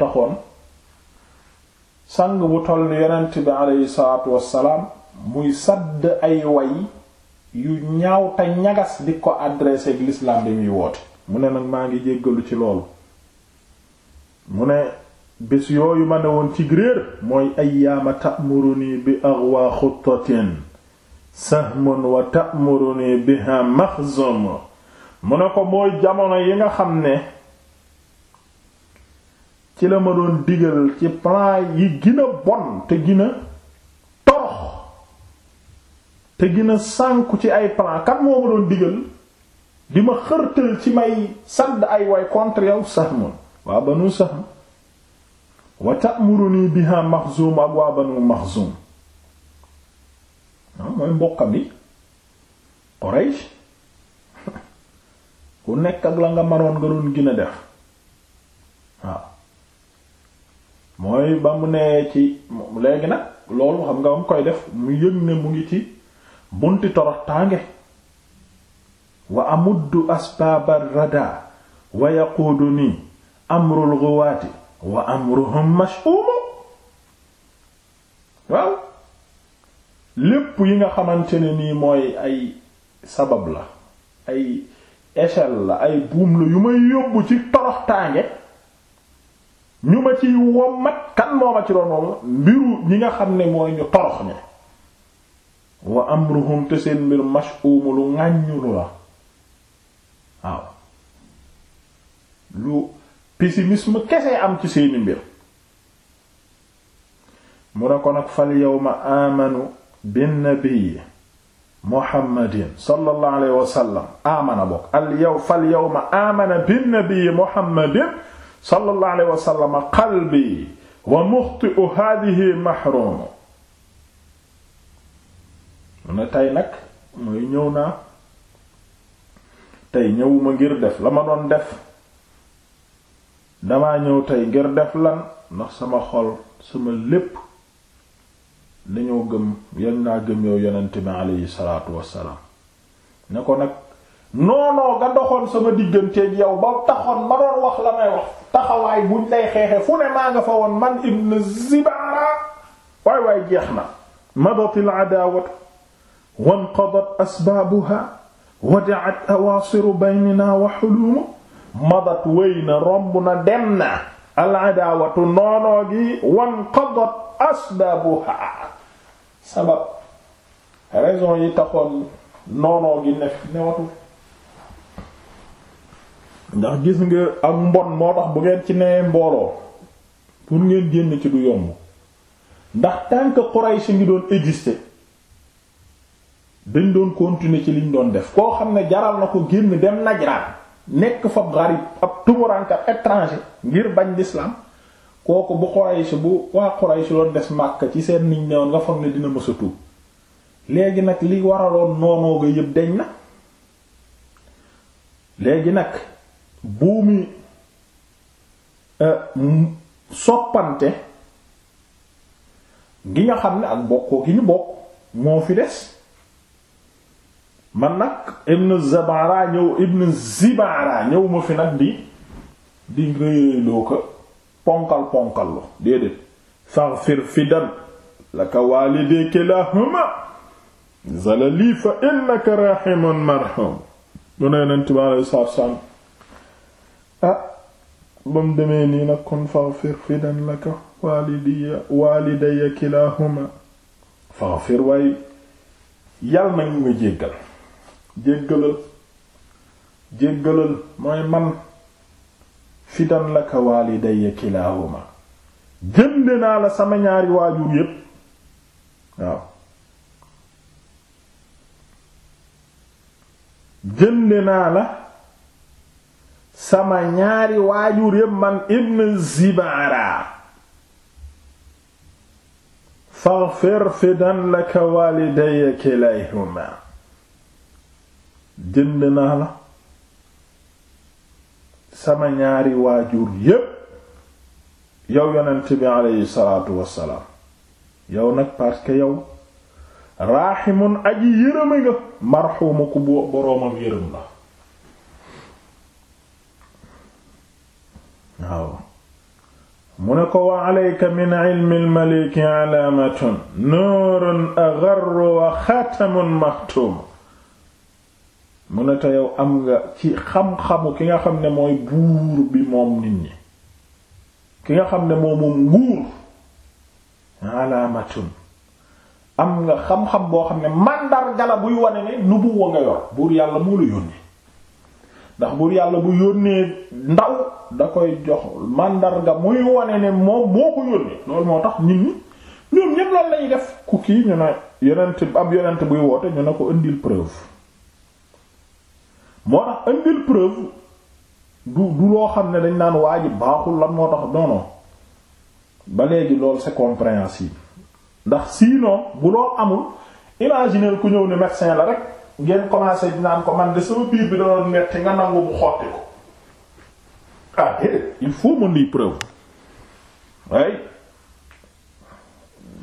sang bu toll yonent bi aleyhi salaatu wassalaam muy sadd ay way yu ñaaw te ñagas di ko adressé ak l'islam bi muy woote mu ne nag maa ngi jéggalu ci loolu mu ne bés yooyu ma ne woon ci réer mooy ayyaama ta'muruni bi aghwa xuttatin sahmun wa ta'muruni biha maxzum mu ne ko mooy jamono yi nga xam ne ci la ma doon digal ci plan yi gën a bon te gën torox te gën a sànku ci ay plan kat moo ma doon digal di ma xërtal ci may sadd ay way contre yow Sahm waa Banu Sahm wa ta'muruni biha Maxzum ak waa Banu Maxzum ah, mooy mbokkam yi Quraysh ku nekk ak la nga maroon nga doon gën a def mooy ba mu nee ci léegi nag loolu xam nga mu koy def mu yëg ne mu ngi ci bunti torox tànge wa amuddu asbaabar rada wa yaquduni amrul ghuwati wa amruhum mash'um waaw lépp yi nga xamante ne nii mooy ay sabab la ay échelle la ay buum la yu may yóbbu ci torox ñu ma ci wommat kan moo ma ci doon wommat mbiru ñi nga xam ne mooy ñu torox ne wa amruhum te seen mbir mash'um lu ŋàññulu la waaw lu pessimisme kese am ci seeni mbir mu ne ko nag fal yawma amanu bin nabiyyi muhammadin sallallahu alayhi wa sallam amana bokk al yaw fal yawma amana bin nabiyyi muhammadin sallallahu alayhi wa sallam qalbi wa muxti'u haadihi mahrum mu ne tey nag mooy ñëw naa tey ñëwuma ngir def la ma doon def damaa ñëw tey ngir def lan ndax sama xol sama lépp dañoo gëm yan naa gëm yow yonent bi aleyhi salaatu wassalaam ne ko nag noonoo nga doxoon sama digganteeg yow ba taxoon ma doon wax la may wax taxawaay buñ lay xeexe fu ne maa fa woon man ibn Zibara waay waay jeex na madat al adaawatu wanqadat asbaabuha wada'at awaasiru baynina wa hulumu madat romb na dem na noonoo gi wanqadat asbaabuha sabab raison taxoon noonoo gi ne newatu ndax gis nga ak mbon moo tax bu ngeen ci nee mbooloo pour ngeen génn ci du yomb ndax tant que Quraysh ngi doon exister dañ doon continuer ci liñ doon def koo xam ne jaral na ko génn dem Najraan nekk fab gharib ab tumuranka étranger ngir bañ l'islam kooku bu Quraysh bu waa Quraysh doon des Makka ci seen niñ newoon nga foog ne dina mësa tuub léegi nag li waraloon noonoo ga yëpp deñ na léegi nag buumi euh, soppante gi nga xam ni ak bokkoo gi ñu bokk moo fi des man nag ibn zabara ñëw ibn zibara ñëw fi nag di di réyloo ko ponkal ponkal lu déedéet faghfir fidan laka walidee kilahuma zalali fa innaka rahimun marhum mu ne yonent bi alayhi salaatu wa ah ba mu demee nii nag kon faghfir fidan laka walidiya walidaya kilahuma faghfir waaye yàlla nañu ma jéggal jéggalal jéggalal mooy man fidan laka walidaya kilahuma jënd naa la sama ñaari waajur yépp waaw jënd naa la sama ñaari waajur yépp man ibn Zibara faghfir fidan laka walidayya kilayhuma jënd naa la sama ñaari waajur yépp yow yonent bi aleyhi salaatu wassalaam yow nag parce que yow raaximun aji yërëme nga marxuuma ku waaw mu ne ko wa alayka min ilmi almaliki alaamatun nuurun agarru wa xaatamun maxtuum mu ne te am nga ci xam-xamu ki nga xam ne mooy buur bi moom nit ñi ki nga xam ne moom nguur alaamatun am nga xam-xam boo xam ne màndargala buy wane ne nubuwa nga yor buur yàlla moo la yónni ndax buur yàlla bu yónnee ndaw da koy jox mandarga muy wone ne moom moo ko yónnee loolu moo tax nit ñi ñépp loolu lañuy def ku kii ñu ne yonent ab yonent buy woote ñu ne ko indil preuve moo tax indil preuve du du xam ne dañ naan waa baaxul lan moo tax non non ba léegi loolu c'est compréhensible ndax sinon bu loolu amul imaginer ku ñëw ne médecin la rek. ngeen commencé dinaan ko man de sama biir bi danoon metti nga nangu mu xotti ko ah il faut mën di preuve waaye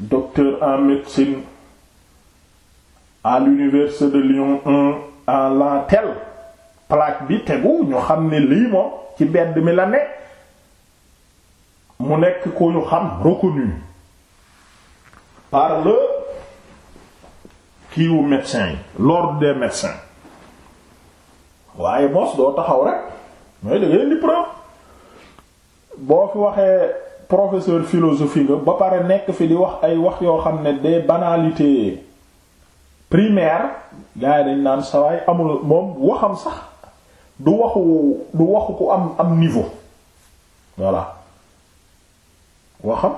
docteur en médecine à l'université de Lyon 1 à l'antel plaque bi tegu ñu xam ni lii moom ci mbedd mi la ne mu nekk ko ñu xam reconnu par le kiiwu médecin yi l'ordre des médecins waaye mos doo taxaw rek mooy da ngay indi preuve boo fi waxee professeur philosophie nga ba pare nekk fi di wax ay wax yoo xam ne des banalités primaires gars yi naan sawaay amul moom waxam sax du waxu du waxu ku am am niveau voilà waxam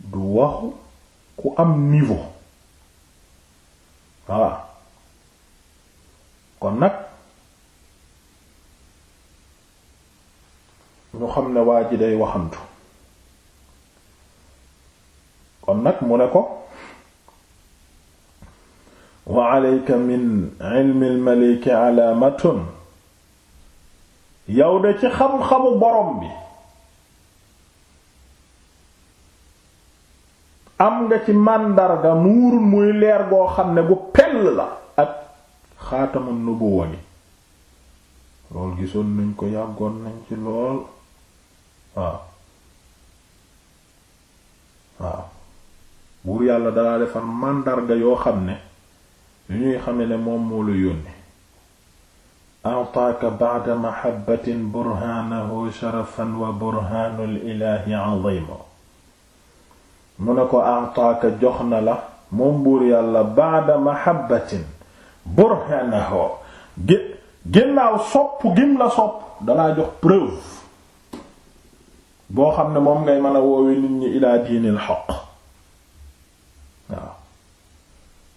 du waxu ku am niveau voilà kon nag ñu xam ne waa ji day waxantu kon nag mu ne ko wa alayka min ilmi al yow de ci xam-xamu borom bi am nga ci màndarga nuurul muy leer goo xam ne gu pell la ak xaatamun nubuwa gi lool gisoon nañ ko yàggoon nañ ci lool waaw waaw buur yàlla dalaa defar màndarga yoo xam ne yu ñuy xame ne moom moo la yónni ataaka ba'da mahabbatin burhaanahu sharafan wa burhaanul ilaahi 'azima mu ne ko ataaka jox na la moom buur yàlla baada mahabbatin burhanahu ginnaaw sopp gim la sopp dalaa jox preuve boo xam ne moom ngay mën a woowe nit ñi ilaa diinil xaq waaw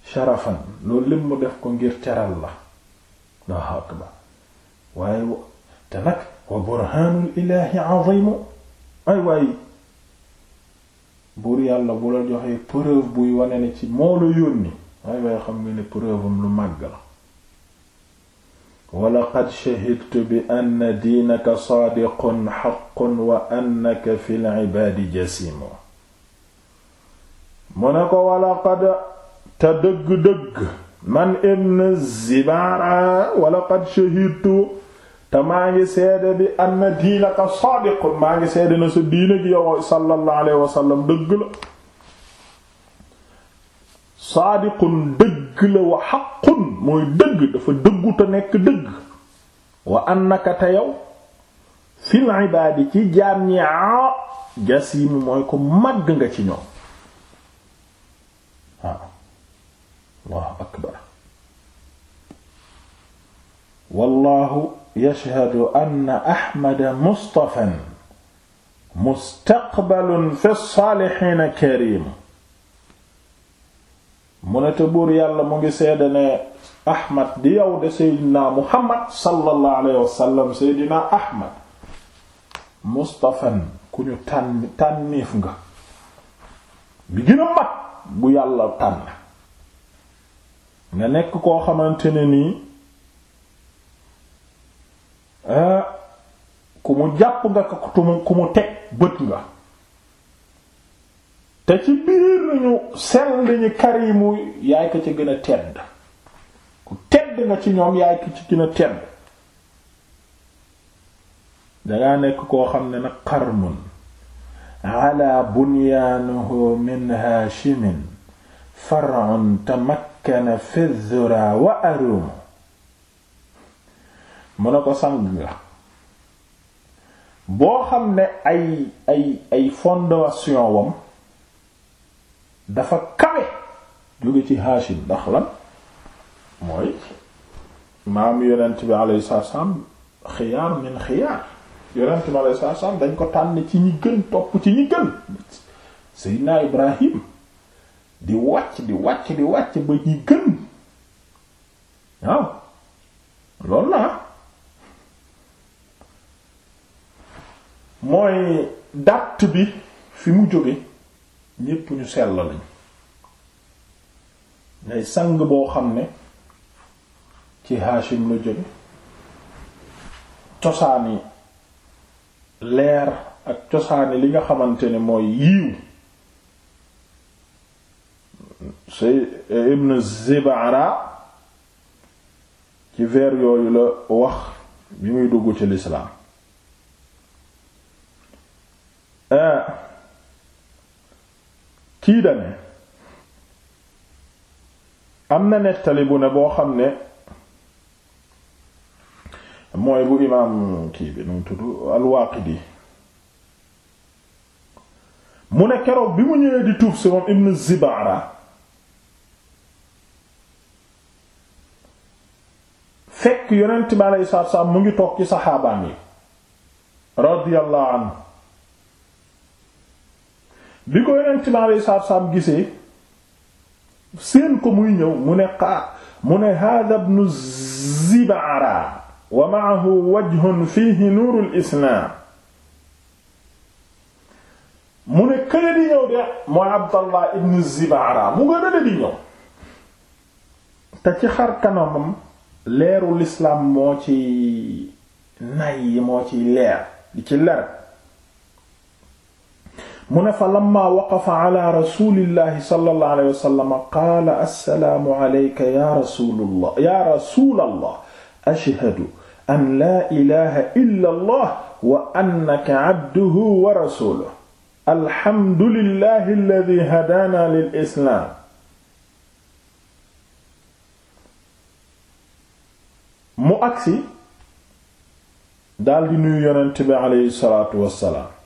sharafan loolu lim mu def ko ngir teral la Allahu akbar waaye te nag wa burhaanul ilaahi azimu ay waaye buur yàlla bu la joxee preuve buy wane ne ci moo la yónni waaye waaye xam nga ne preuve am lu màgg la walaqad shahidtu bi anna diinaka saadiqun xaqun wa annaka fil ibaadi jasimu mu ne ko walaqad te dëgg-dëgg man ibn zibaara walaqad shahidtu te maa ngi seede bi anna diinaka saadiqun maa ngi seede na sa diina gi yow sallallahu alayhi dëgg la saadiqun dëgg la wa xaqun mooy dëgg dafa dëggu te nekk dëgg wa annaka te yow fil ibaadi ci jaam ñi jasimu nga ci ñoom waaw allahu akbar wallahu yashhadu anna Ahmada mustafan mustaqbalun fi saalihiina kariim mu te buur yàlla mu ngi seede ne Ahmad di yow de Seydina Muhammad sallallahu alayhi wa Seydina Ahmad mustafan ku ñu tànn nga bi gën mat bu yàlla tànn nga nekk koo xamante nii Euh, ku mu jàpp nga ku mu ku mu teg bët nga te ci biir nañu sell ñi karimu yaay ko ci gën a tedd ku tedd nga ci ñoom yaay ko ci gën a tedd dangaa nekk koo xam ne nag qarmun ala bunyaanuhu min haashimin far'un tamakkana fi dhura wa arum mën a ko sang nga boo xam ne ay ay ay fondation wam dafa kawe jóge ci Haashim ndax lan mooy maam yonent bi alayhi salaam xiyaar min xiyaar yonent bi alayhi salaam dañ ko tànn ci ñi gën topp ci ñi gën Seydina Ibrahim di wàcc di wàcc di wàcc ba ñi gën waaw loolu la mooy dàtt bi fi mu jóge ñépp ñu sell lañ ngay sang boo xam ne ci Hashim la jóge cosaani leer ak cosaani li nga xamante ne mooy yiiw say eh, Ibn Zibara ci vers yooyu la wax bi muy dugg ci lislaam Ah. kii dane am na nettali bu ne boo xam ne mooy bu imaam kii bi nu mu tudd al-Waaqidi mu ne keroog bi mu ñëwee di tuub si moom Ibn Zibara fekk yonent bi alayhi salaatu wa mu ngi toog ci saxaabaan yi radiyallahu anhu bi ko yeneen ci laalay saab-saab gisee seen ko muy ñëw mu ne xaa mu ne hada ibnu zibara wa ma'ahu wajhun fihi nuurul islaam mu ne kële di ñëw de mooy abdallah ibnu zibara mu nga dële di ñëw te ci xar kanamam leeru lislaam moo ci nay moo ci leer di ci leer mu ne fa lamma waqafa ala rasulillahi sallallahu alayhi wa sallam qaala assalaamu alayka ya rasulallah ya rasulallah ashhadu an laa ilaha illa allah wa annaka abduhu wa rasuluhu alhamdulillahi alladi hadaana lil islaam mu agsi daal di nuyu yonent bi alayhi salaatu wassalaam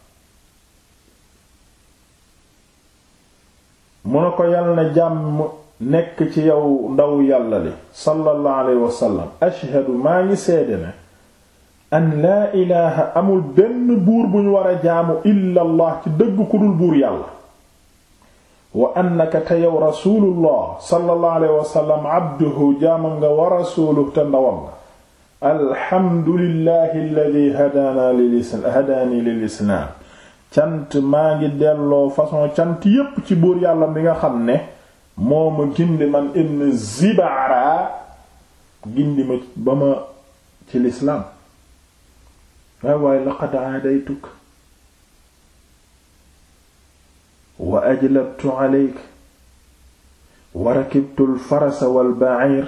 mu ne ko yal na jàmm nekk ci yow ndaw yàlla li sallallahu alayhi wasallam ashhadu maa ngi seede ne an laa ilaaha amul benn buur bu ñu war a jaamu illa allah ci dëgg ku dul buur yàlla wa annaka te yow rasuulullah sallallahu alayhi wasallam abduhu jaamam nga wa rasuuluhu te ndawam nga alhamdulillahi alladhi hadaani lil islaam cant maa ngi delloo façon cant yépp ci buur yàlla mi nga xam ne mooma gindi man ibn zibaara gindi ma ba ma ci lislaam waaye waaye laqad aadaytuk wa ajlabtu aleyk wa rakibtu alfarasa walbaciir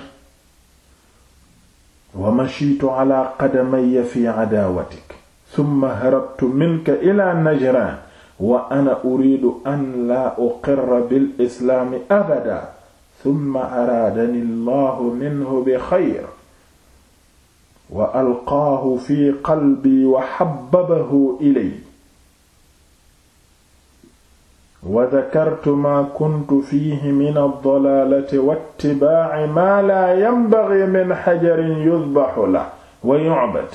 wa machitu ala qadamaya fi cadaawatik summa harabtu minka ila najran wa ana uridu an laa uqirra bil islaami abada summa araadani allahu minhu bi xayr wa alqaahu fi qalbi wa xabbabahu ilay wa dakartu maa kuntu fiihi min aldalaalati wa ittibaaci maa laa yanbagi min xajarin yudbaxu lahu wa yucbad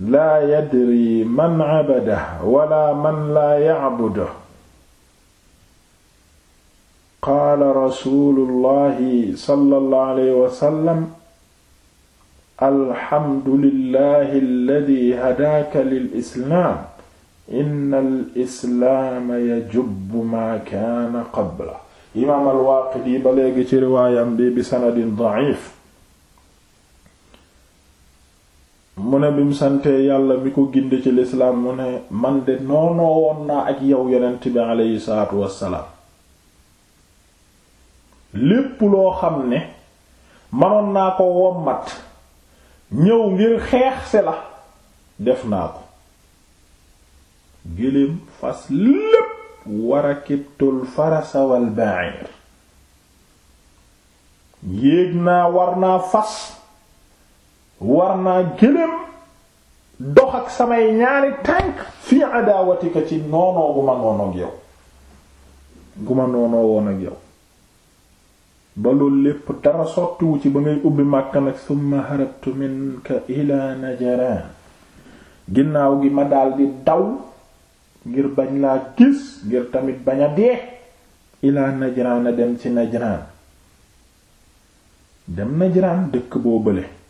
laa yadri man abada wala man laa yacbudu qaala rasuulullahi sallallahu alayhi wasallam alhamdulillahi alladi hadaaka lilislaam inna alislaama yajubbu maa kaana qabla imaam alwaaqidi ba léegi ci riwaayam bi bi sanadin dacif mu ne bi yàlla mi ko ginde ci lislaam mu ne man de noonoo woon naa ak yow yonent bi aleyhi salaatu wassalaam lépp loo xam ne manoon naa ko wommat ñëw ngir xeex si la def naa ko gëléem fas lépp warakibtul farasa wal ba'ir yéeg naa war naa fas war naa gëléem dox ak samay ñaari tànk fii adaawatika ci noonoo gu ma noonoo ak yow gu ba loolu lépp dara sottiwu ci ba ngay ubbi Makka nag summa harabtu minka ila Najran ginnaaw gi ma daldi daw ngir bañ laa gis ngir tamit bañ a dee ila Najran a dem ci Najran dem Najran dëkk boo bële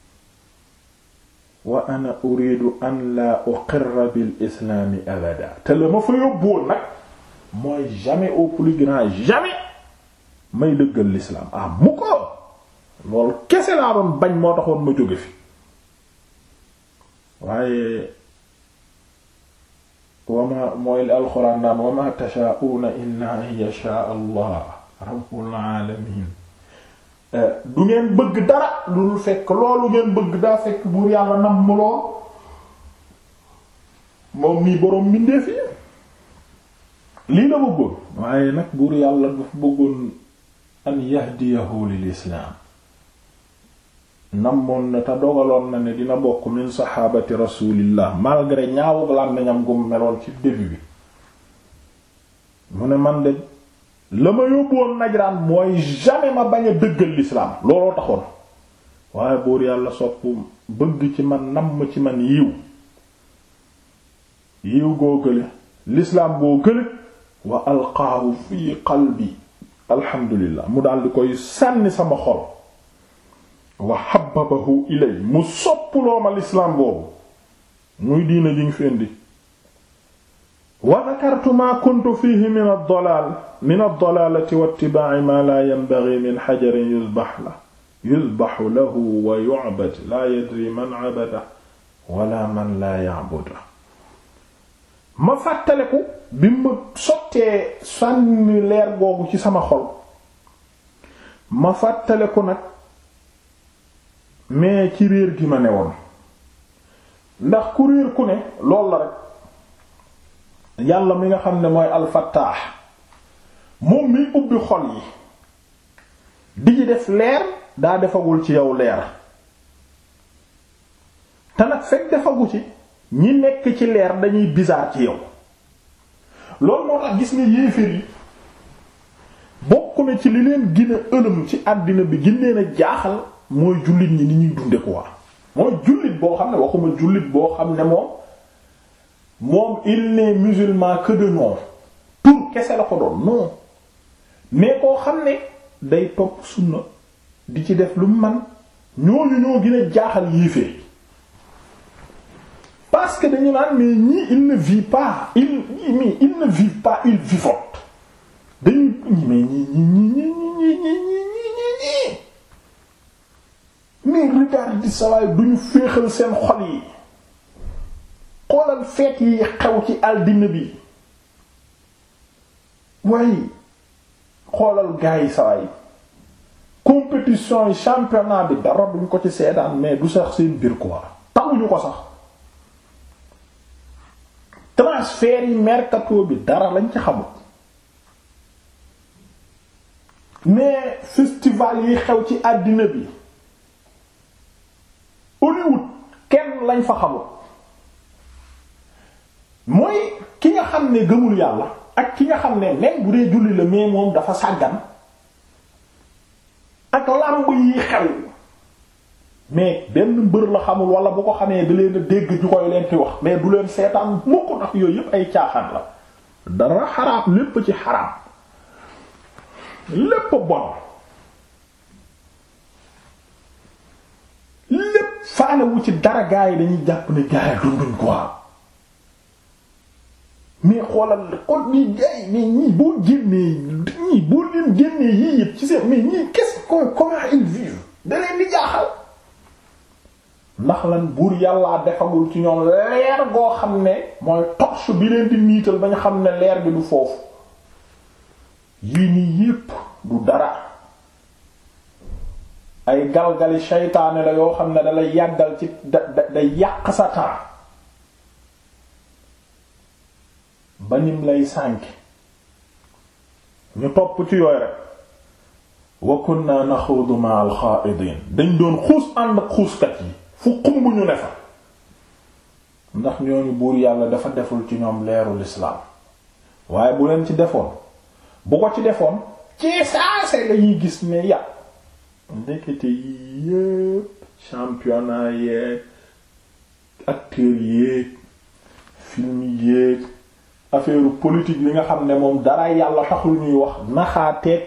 wa ana uridu an la uqirra bil islaami abada te la ma fa yóbboon nag mooy jamais au plus grand jamais may dëggal l'islam ah mu ko loolu kese laa doon bañ moo taxoon ma jóge fi waaye wama mooy li alxuraan naan wama tashaa'una illa an yashaa allah rabbul alamin Eh, du ngeen bëgg dara lu dul fekk loolu ngeen bëgg daa fekk buur yàlla nam mu lool moom mii boroom mbindeef yi lii la bëggoon waaye nag buur yàlla dafa bëggoon an yahdiyahu lil islaam namoon na te dogaloon na ne dina bokk min saxaabati rasulillah malgré ñaawu làmmiñam gu meloon ci début bi mu ne man de la ma yóbbuwoon Najraan mooy jamais ma bañ a dëggal l'islam looloo taxoon waaye buur yàlla sopp bëgg ci ma namm ci man yiw yiw goo gële l'islam goo gële wa alqaahu fii qalbi alhamdulillah mu daal di koy sànni sama xol wa habbabahu ilay mu soppuloo ma l'islam boobu muy diina jiñ fi wa dakartu maa kuntu fiihi min ad-dalaal min ad-dalaalati wa ittibaa'i maa laa yanbaghii min hajarin yuzbahu lahu yuzbahu lahu wa yu'bad laa yadrii man 'abadahu wala man laa ya'buduhu ma fàttaliku bi ma sottee sànni leer googu ci sama xol ma fàttaliku nag mais ci réer gi ma ne woon ndax ku réer ku ne lool la rek yàlla mi nga xam ne mooy alfattaax moom miy ubbi xol yi di ci def leer daa defagul ci yow leer te nag fekk defagu ci ñi nekk ci leer dañuy bizarre ci yow loolu moo tax gis nga yéeféer yi bokk na ci li leen gën a ci àddina bi gën leen a jaaxal mooy jullit ñi ni ñuy dunde quoi mooy jullit boo xam ne waxuma jullit boo xam ne moom moom il n'est musulman que de nom tur kese la ko doon non mais koo xam ne day topp sunna di ci def lu man ñooñu ñoo gën a jaaxal yéefee parce que dañu naan mais ñii il ne vit pas il mais il ne vit pas il vivote ñii ñii ñii ñii ñii ñii mais regarde di sawaay duñu féexal seen xol yi xoolal feet yi xew ci àddina bi waaye xoolal gars yi sawaay compétition yi championnat bi dara duñ ko ci seedaan mais du sax seen biir quoi ñu ko sax transfert yi mercato bi dara lañ ci xamul mais festival yi xew ci àddina bi Hollywood kenn lañ fa xamul mooy ki nga xam ne gëmul yàlla ak ki nga xam ne même bu dee julli la mais moom dafa sàggan ak làmb yi xew mais benn mbër la xamul wala bu ko xamee di leen a dégg ju koy leen fi wax mais du leen seetaan mukk ndax yooyu yépp ay caaxaan la dara xaraam lépp ci xaraam lépp bon lépp faale ci dara gaa yi dañuy jàpp ne gaa yi dunduñ quoi mais xoolal kon ni ñii boo génnee ñii boo leen génnee yii yëpp ci seen mais ñii qu'est-ce comment ils vivent da leen di ndax lan buur yàlla defagul ci ñoom leer goo xam ne mooy torche bi leen di niital ba ñu xam ne leer bi du foofu yii nii yépp du dara ay galgali seytaane la yoo xam ne dalay yàggal ci da da day yàq sa temps ba nim lay sànk ñu topp ci yooy rek wa kunna naxuudu ma al dañ doon xuus ànd ak xuuskat yi fu xumb ñu ne fa ndax ñooñu buur yàlla dafa deful ci ñoom leeru lislaam waaye bu leen ci defoon bu ko ci defoon ci saase lañuy gis ne yàpp ndekete yi yépp championnat yeeg acteurs yéeg film yéeg affaire politique li nga xam ne moom dara yàlla taxul ñuy wax naxaateeg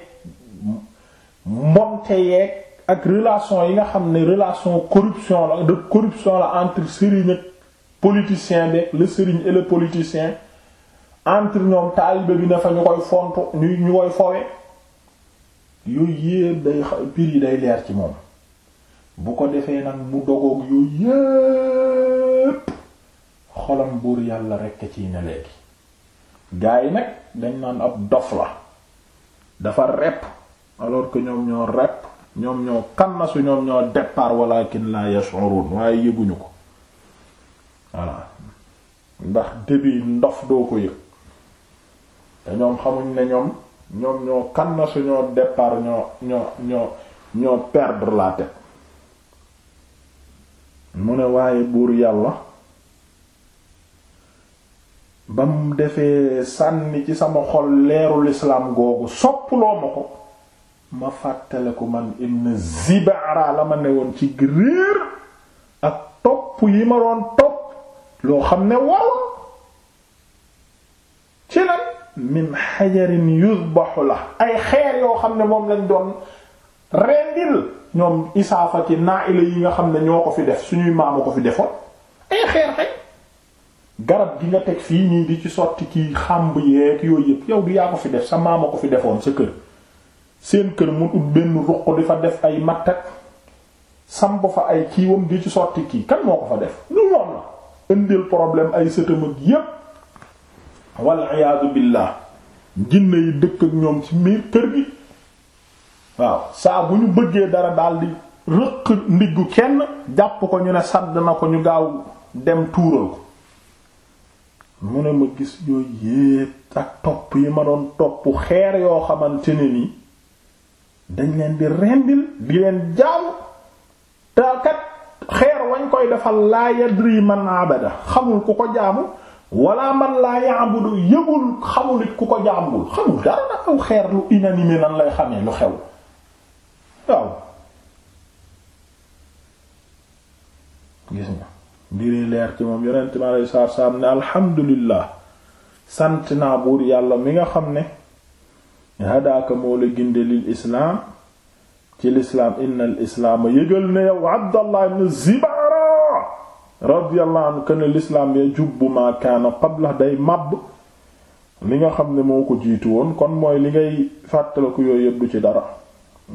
mbonte yeeg ak relation yi nga xam ne relation corruption la de corruption la entre sëriñ ak politicien beeg le sëriñ et le politicien entre ñoom taalibe bi na fa ñu koy fontu ñu koy fowe yooyu yépp day pir yi day leer ci moom bu ko defee nag mu dogoog yooyu yépp xolam buur yàlla rekk ci ne léegi gaa yi nag dañ naan ab dof la dafa rep alors que ñoom ñoo rep ñoom ñoo kannasu ñoom ñoo départ walakin la yash'urun waaye yëguñu ko voilà ndax début ndof doo ko yëg te ñoom xamuñ ne ñoom ñoom ñoo kannasu ñoo départ ñoo ñoo ñoo ñoo perdre la tête mu ne waaye buur yàlla ba mu defee sànni ci sama xol leeru lislaam googu soppuloo ma ko ma fàttale fàttaliku man ibn zibara la ma ne woon ci réer ak topp yi ma doon topp loo xam ne wow ci lan min xajarin yuzbaxu la ay xeer yoo xam ne moom lañ doon rendil ñoom isaafati naa ila yi nga xam ne ñoo ko fi def suñuy maamu ko fi defoon ay xeer xeer garab gi nga teg fii nii di ci sotti kii xàmb yeeg yooyu yëpp yow du yaa ko fi def sa maama ko fi defoon sa kër seen kër mu ut benn ruq di fa def ay mattak samp fa ay kiiwam di ci sotti kii kan moo ko fa def lu ñoom la indil problème ay sëtamag yépp wal iyaadu billah jinne yi dëkk ak ñoom ci miir kër gi waaw saa bu ñu bëggee dara daal di rëq ndiggu kenn jàpp ko ñu ne sàdd na ko ñu gaaw dem tuural ko mu ne ma gis yooyu yépp ak topp yi ma doon topp xeer yoo xamante ne ni dañ leen di rendil di leen jaamu te kat xeer wañ koy defal laa yadri man abada xamul ku ko jaamu wala man laa yaabudu yëgul xamul it ku ko jaamul xamul dara na aw xeer lu inanimé nan lay xamee lu xew waaw gis nga mbiri leer ci moom yonent mi aleyhi salaatu salaam ne alhamdulillah sant naa buur yàlla mi nga xam ne hadaaka moo la ginde lil islaam ci lislaam innal islaama yëgal ne yow abdallah ibn zibaara radiyallahu anhu kana lislaam ya jubbu maa kaana qabla day màbb li nga xam ne moo ko jiitu woon kon mooy li ngay fàttaliku yooyu yëpp ci dara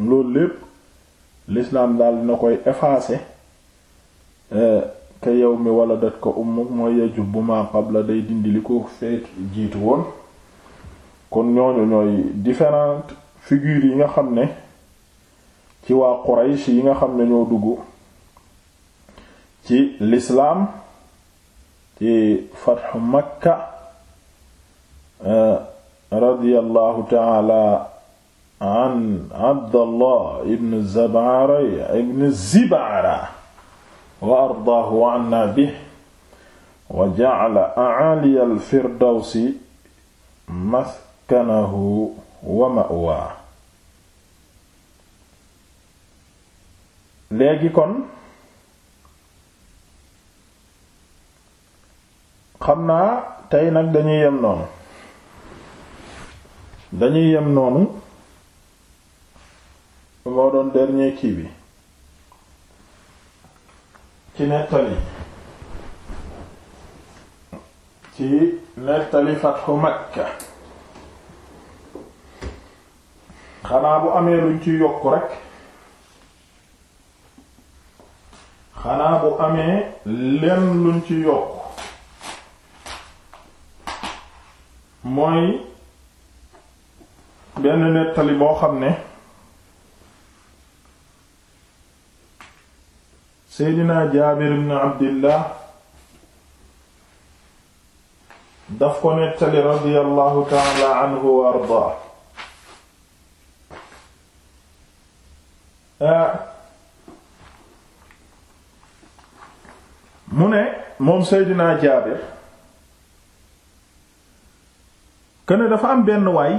loolu lépp lislaam daal na koy effacer euh, ka yow mi waladat ko ummuk mooy yajubbu ma qabla day dindi li ko feet jiitu woon kon ñooñu ñooy différentes figures yi nga xam ne ci waa Quraysh yi nga xam ne ñoo dugg ci lislaam ci fatxu Makka eh, radiyallahu taala an Abdallah ibn Zibara wa ardaahu wa anna bih wa ja'ala a'aliya al-firdawsi wa ma'waa léegi kon xam naa tey nag dañuy yem noonu dañuy yem noonu moo doon dernier kii bi ci nettali ci nettali fatxu Makka xanaa bu amee luñ ci yokk rekk xanaa bu amee lenn luñ ci yokk mooy benn nettali boo xam ne seydina jaabir ibn abdillah daf ko nettali radiyallahu taala anhu wa ardaa ah, mu ne moom seydina jaabir këne dafa am benn waay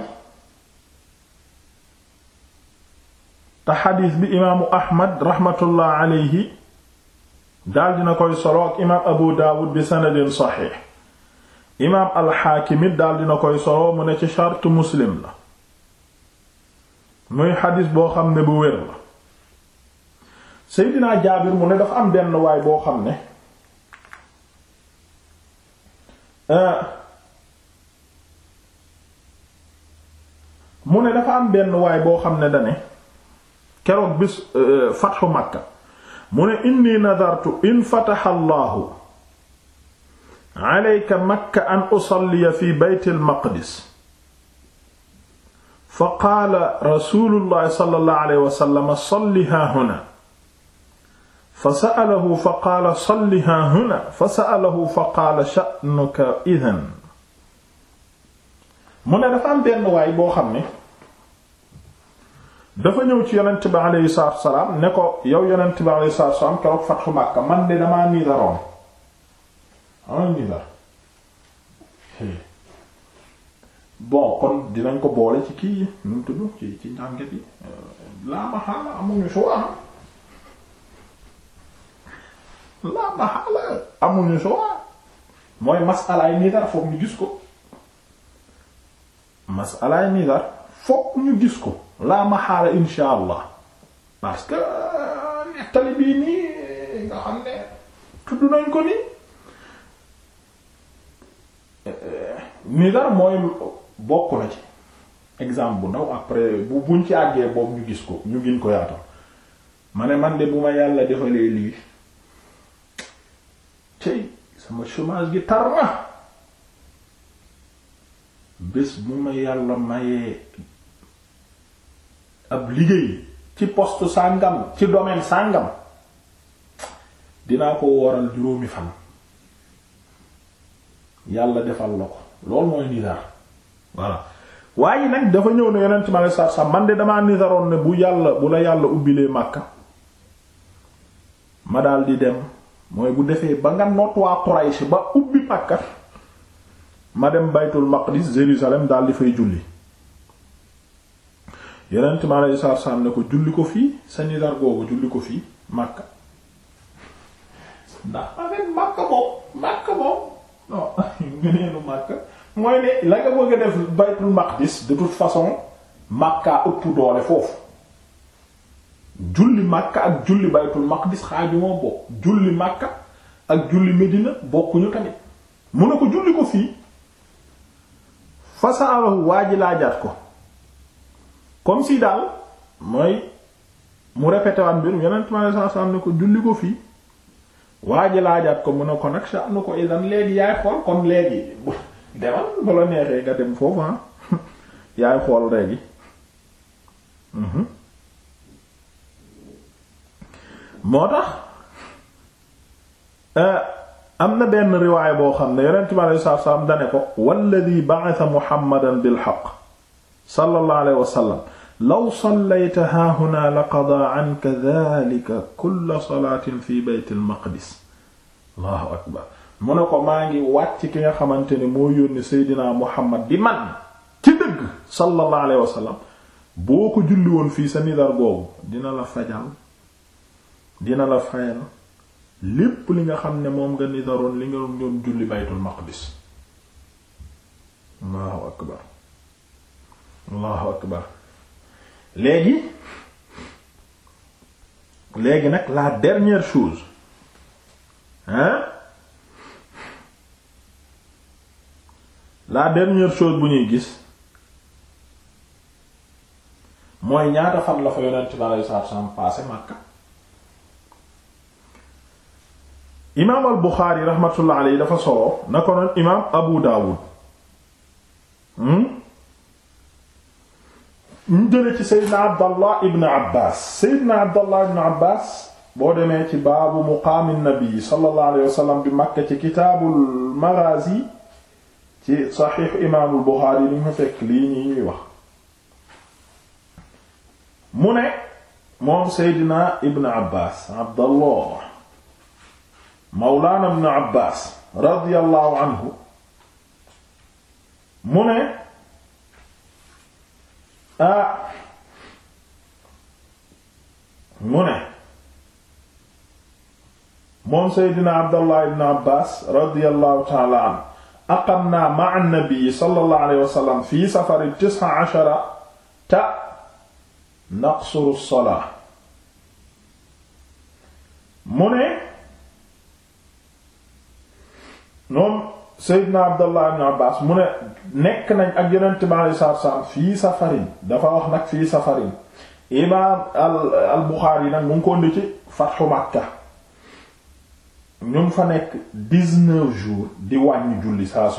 te xadiis bi imaamu ahmad raxmatullah alayhi daal na koy soloo ak imaam abu daawud bi sanadin saxiix imaam alxaakim it daal dina koy solo mu ne ci shartu muslim la muy xadis boo xam ne bu wér la seydinaa jaabir mu ne boo xam ne euh, mu ne dafa am benn waay boo xam ne dane keroog bis euh, fatxu makka mu ne inni nadartu in fataxa allahu aleyka makka an usalliya fi beyt almaqdis fa qaala rasuulullahi sallallahu alayhi wasallam salli haa huna fa sa'alahu fa qaala salli haa huna fa sa'alahu fa qaala sha'nuka idhan mu ne dafa am benn waay boo xam ne dafa ñëw ci yonent bi alayhi salaatu wasalaam ne ko yow yonent bi alayhi salaatu wasalaam keroog fatxu Makka man de damaa niidaroon ah niidar bon kon dinañ ko boole ci kii tudd ci ci njànget yi euh, amuñu choix laa mooy masalaay niidar fokk ñu gis ko masalaay niidar fokk ñu gis ko la maxaala insha allah parce que nettali euh, bii nii nga xam ne tudd nañ ko nii euh, ni dara mooy bokk na ci exemple bu ndaw après bu buñ ci àggee boobu ñu gis ko ñu gin ko yaatal ma ne man de bu ma yàlla defalee lii ci sama chômage gi tar na bés bu ma yàlla mayee ab liggéey ci poste sàngam ci domaine sàngam dinaa ko woral juróomi fan yàlla defal la ko loolu mooy nizar voilà waaye nag dafa ñëw ne yeneen ci ma lay sax man de damaa nizaroon ne bu yàlla bu la yàlla ubbilee màkk ma dal di dem mooy bu defee ba nga noot waa Quraysh ba ubbi Makka ma dem baytul maqdis Jérusalem dal di fay julli yonent mi alayhi salaatu salaam ne ko julli ko fii sa nidar googu julli ko fii Makka ndax avec Makka moom Makka moom non ngëneelu Makka mooy ne la nga bëgg def baytul maqdis de toute façon Makka ëpp doole foofu julli Makka ak julli baytul maqdis xaaju moom bokk julli Makka ak julli Medina bokkuñu tamit mu ne ko julli ko fii façon waa ji laajaat ko comme si daal mooy mu répété waan mbir yeneen ne ko julli ko fii waa ji laajaat ko mu ne ko nag sha'nu ko idan léegi yaay xool kon léegi demal ba la neexee nga dem foofu ah mhm. euh, am na benn riwaay boo xam ne yonent bi alayhi salaatu salaam dane ko walladi ba'atha muhammadan bil haqq sallallahu alayhi wa law sallayta haahuna la qadaa anka dhalika kulla salaatin fi beyt almaqdis allahu akbar mu ne ko maa ngi wàcc ki nga xamante ni moo yónni seydinaa muhammad di man ci dëgg sallallahu alayhi ko julli woon fii sa nidar googu dina la fajal dina la fayal lépp li nga xam ne moom nga nidaroon li nga doon julli baytul maqdis allahu akbar allahu akbar léegi léegi nag la dernière chose hein la dernière chose bu ñuy gis mooy ñaata fan la fa yonent bi alei satu Makka imaam al Buxaari rahmatullah dafa solo na ko noon imaam Abu Dawud hmm? ñu jële ci seydna abdallah ibn abbas seydna abdallah ibn abbas boo demee ci baabu muqaamin nabi sallallahu alayhi wa sallam bi makka ci kitaabul maghazi ci saxiix imaamul buxaari ni ñu fekk lii ñi ñuy wax mu ne moom seydna ibn abbas abdallah mawlaana ibn abbas radiyallahu anhu mu ne ah mu ne moom seydina abdallah ibn abbas radiyallahu ta'ala an aqamna ma'a an-nabi sallallahu alayhi wa sallam fi safari tis'a ashara ta naqsuru as-salah mu ne moom Seydina Abdallah ibn Abbas mu ne nekk nañ ak yonent bi alayhi salaatu salaam fii safarin dafa wax nag fii safarin imaam al al Buxaari nag mu ngi ko ci Fathu Makka ñun fa nekk dix-neuf jours di wàññi julli saa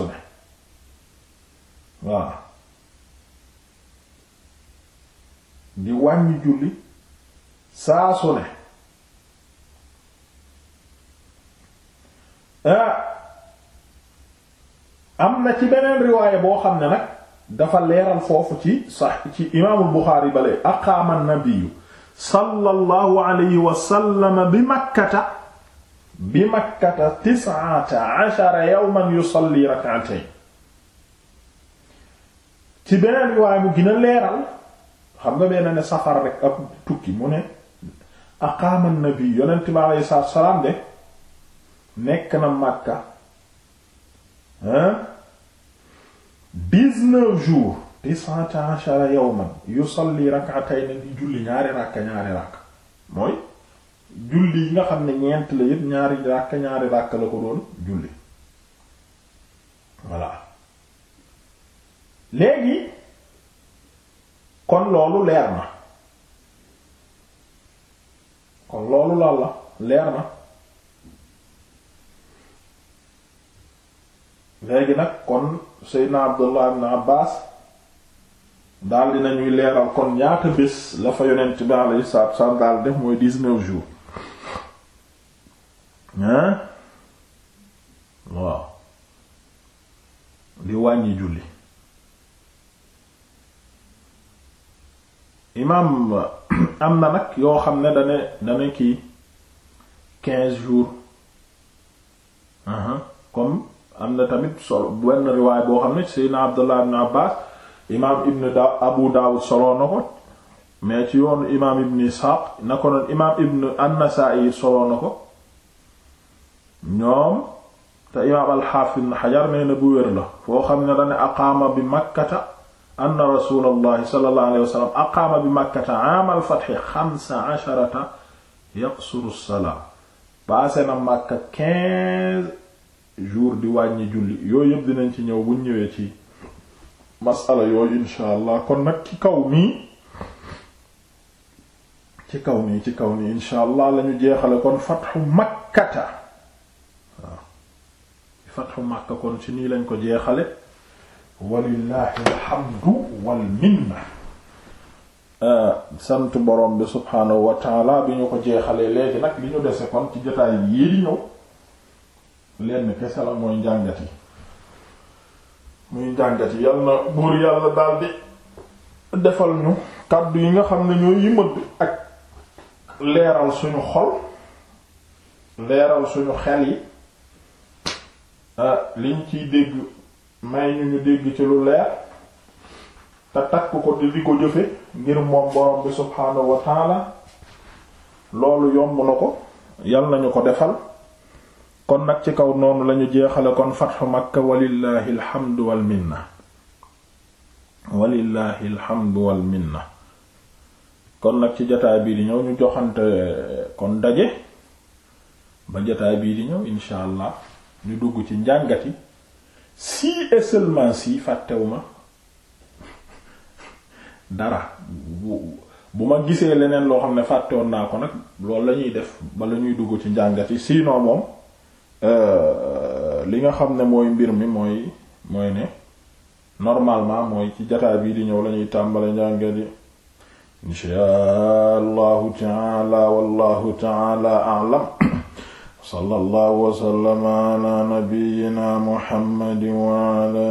ne ah am na ci beneen riwaaya boo xam ne nag dafa leeral foofu ci sax ci imaamul Buxaari bale aqaama nabiyu sallallahu alayhi wa sallam bi makkata bi makkata tis'ata ashara yawman yusalli rak'atayn ci beneen riwaaya leeral xam nga benn ne safara rek ab tukki mu ne aqaama nabiyu yonent bi alayhi salaatu wa salaam de nekk na Makka hein dix-neuf jours tis'ata ashara yawman yusalli rak'atayn di julli ñaari ràkka ñaari ràkka mooy julli yi nga xam ne ñeent la yépp ñaari ràkka ñaari ràkka la ko doon julli voilà léegi kon loolu leer na kon loolu lan la leer na léegi nag kon seydna abdullah ibn abbas daal dinañuy leeral kon ñaata bés la fa yonent bi alayhi salaatu salaam def mooy dix jours hein waaw li wàññi julli imaam am na nag yoo xam ne dane dane kii quinze jours aha comme am na tamit solo benn riwaay boo xam ne Seydina Abdullah ibn Abbas imaam ibn Abu Dawud solo na ko mais ci yoonu imaam ibn Ishaq na ko noon imaam ibn an-Nasa'i solo na ko ñoom imaam al-Hafiz ibn Hajar bu wér foo xam ne dane aqaama bi makkata anna rasulallahi sallallahu alayhi wa sallam aqaama na Makka quinze jour di wàññi julli yooyu yëpp dinañ ci ñëw buñ ñëwee ci masala yooyu insha allah kon nag ci kaw nii ci kaw nii ci kaw nii insha allah lañu jeexale kon fatxu makkata waaw fatxu makka kon ci nii lañ ko jeexale walillahi alhamdu wal euh, sant borom bi subhaanahu wa taala bi ñu ko jeexalee léegi nag li ñu dese kon ci jotaay yii di ñëw lenn kese la mooy njàngat yi muy njàngat yi na buur yàlla daal di defal ñu kàddu yi nga xam ne ñooy yëmëdd ak leeral suñu xol leeral suñu xel yi ah, liñ ciy dégg may ñu ñu dégg ci lu leer te takk ko di li ko jëfe ngir moom borom bi subhaanahu wa loolu yomb na ko yal nañu ko defal kon nag ci kaw noonu lañu jeexale kon fatxu makka walillaahi alxamdu wal minna walillaahi alxamdu wal minna kon nag ci jotaay bii di ñëw ñu joxante eh, kon daje ba jotaay bii di ñëw insha allah ñu dugg ci njàngati si et seulement si fàttewuma dara bu bu ma gisee leneen loo xam ne fàttewoon naa ko nag loolu lañuy def bala ñuy dugg ci njàngati sinon moom Euh, li nga xam ne mooy mbir mi mooy mooy normalement mooy ci jataa bii di ñëw lañuy tàmbale njàngat yi inchaa allahu taala wallahu taala alam sallallahu wa sallama ala nabiyyina muhammadin wa ala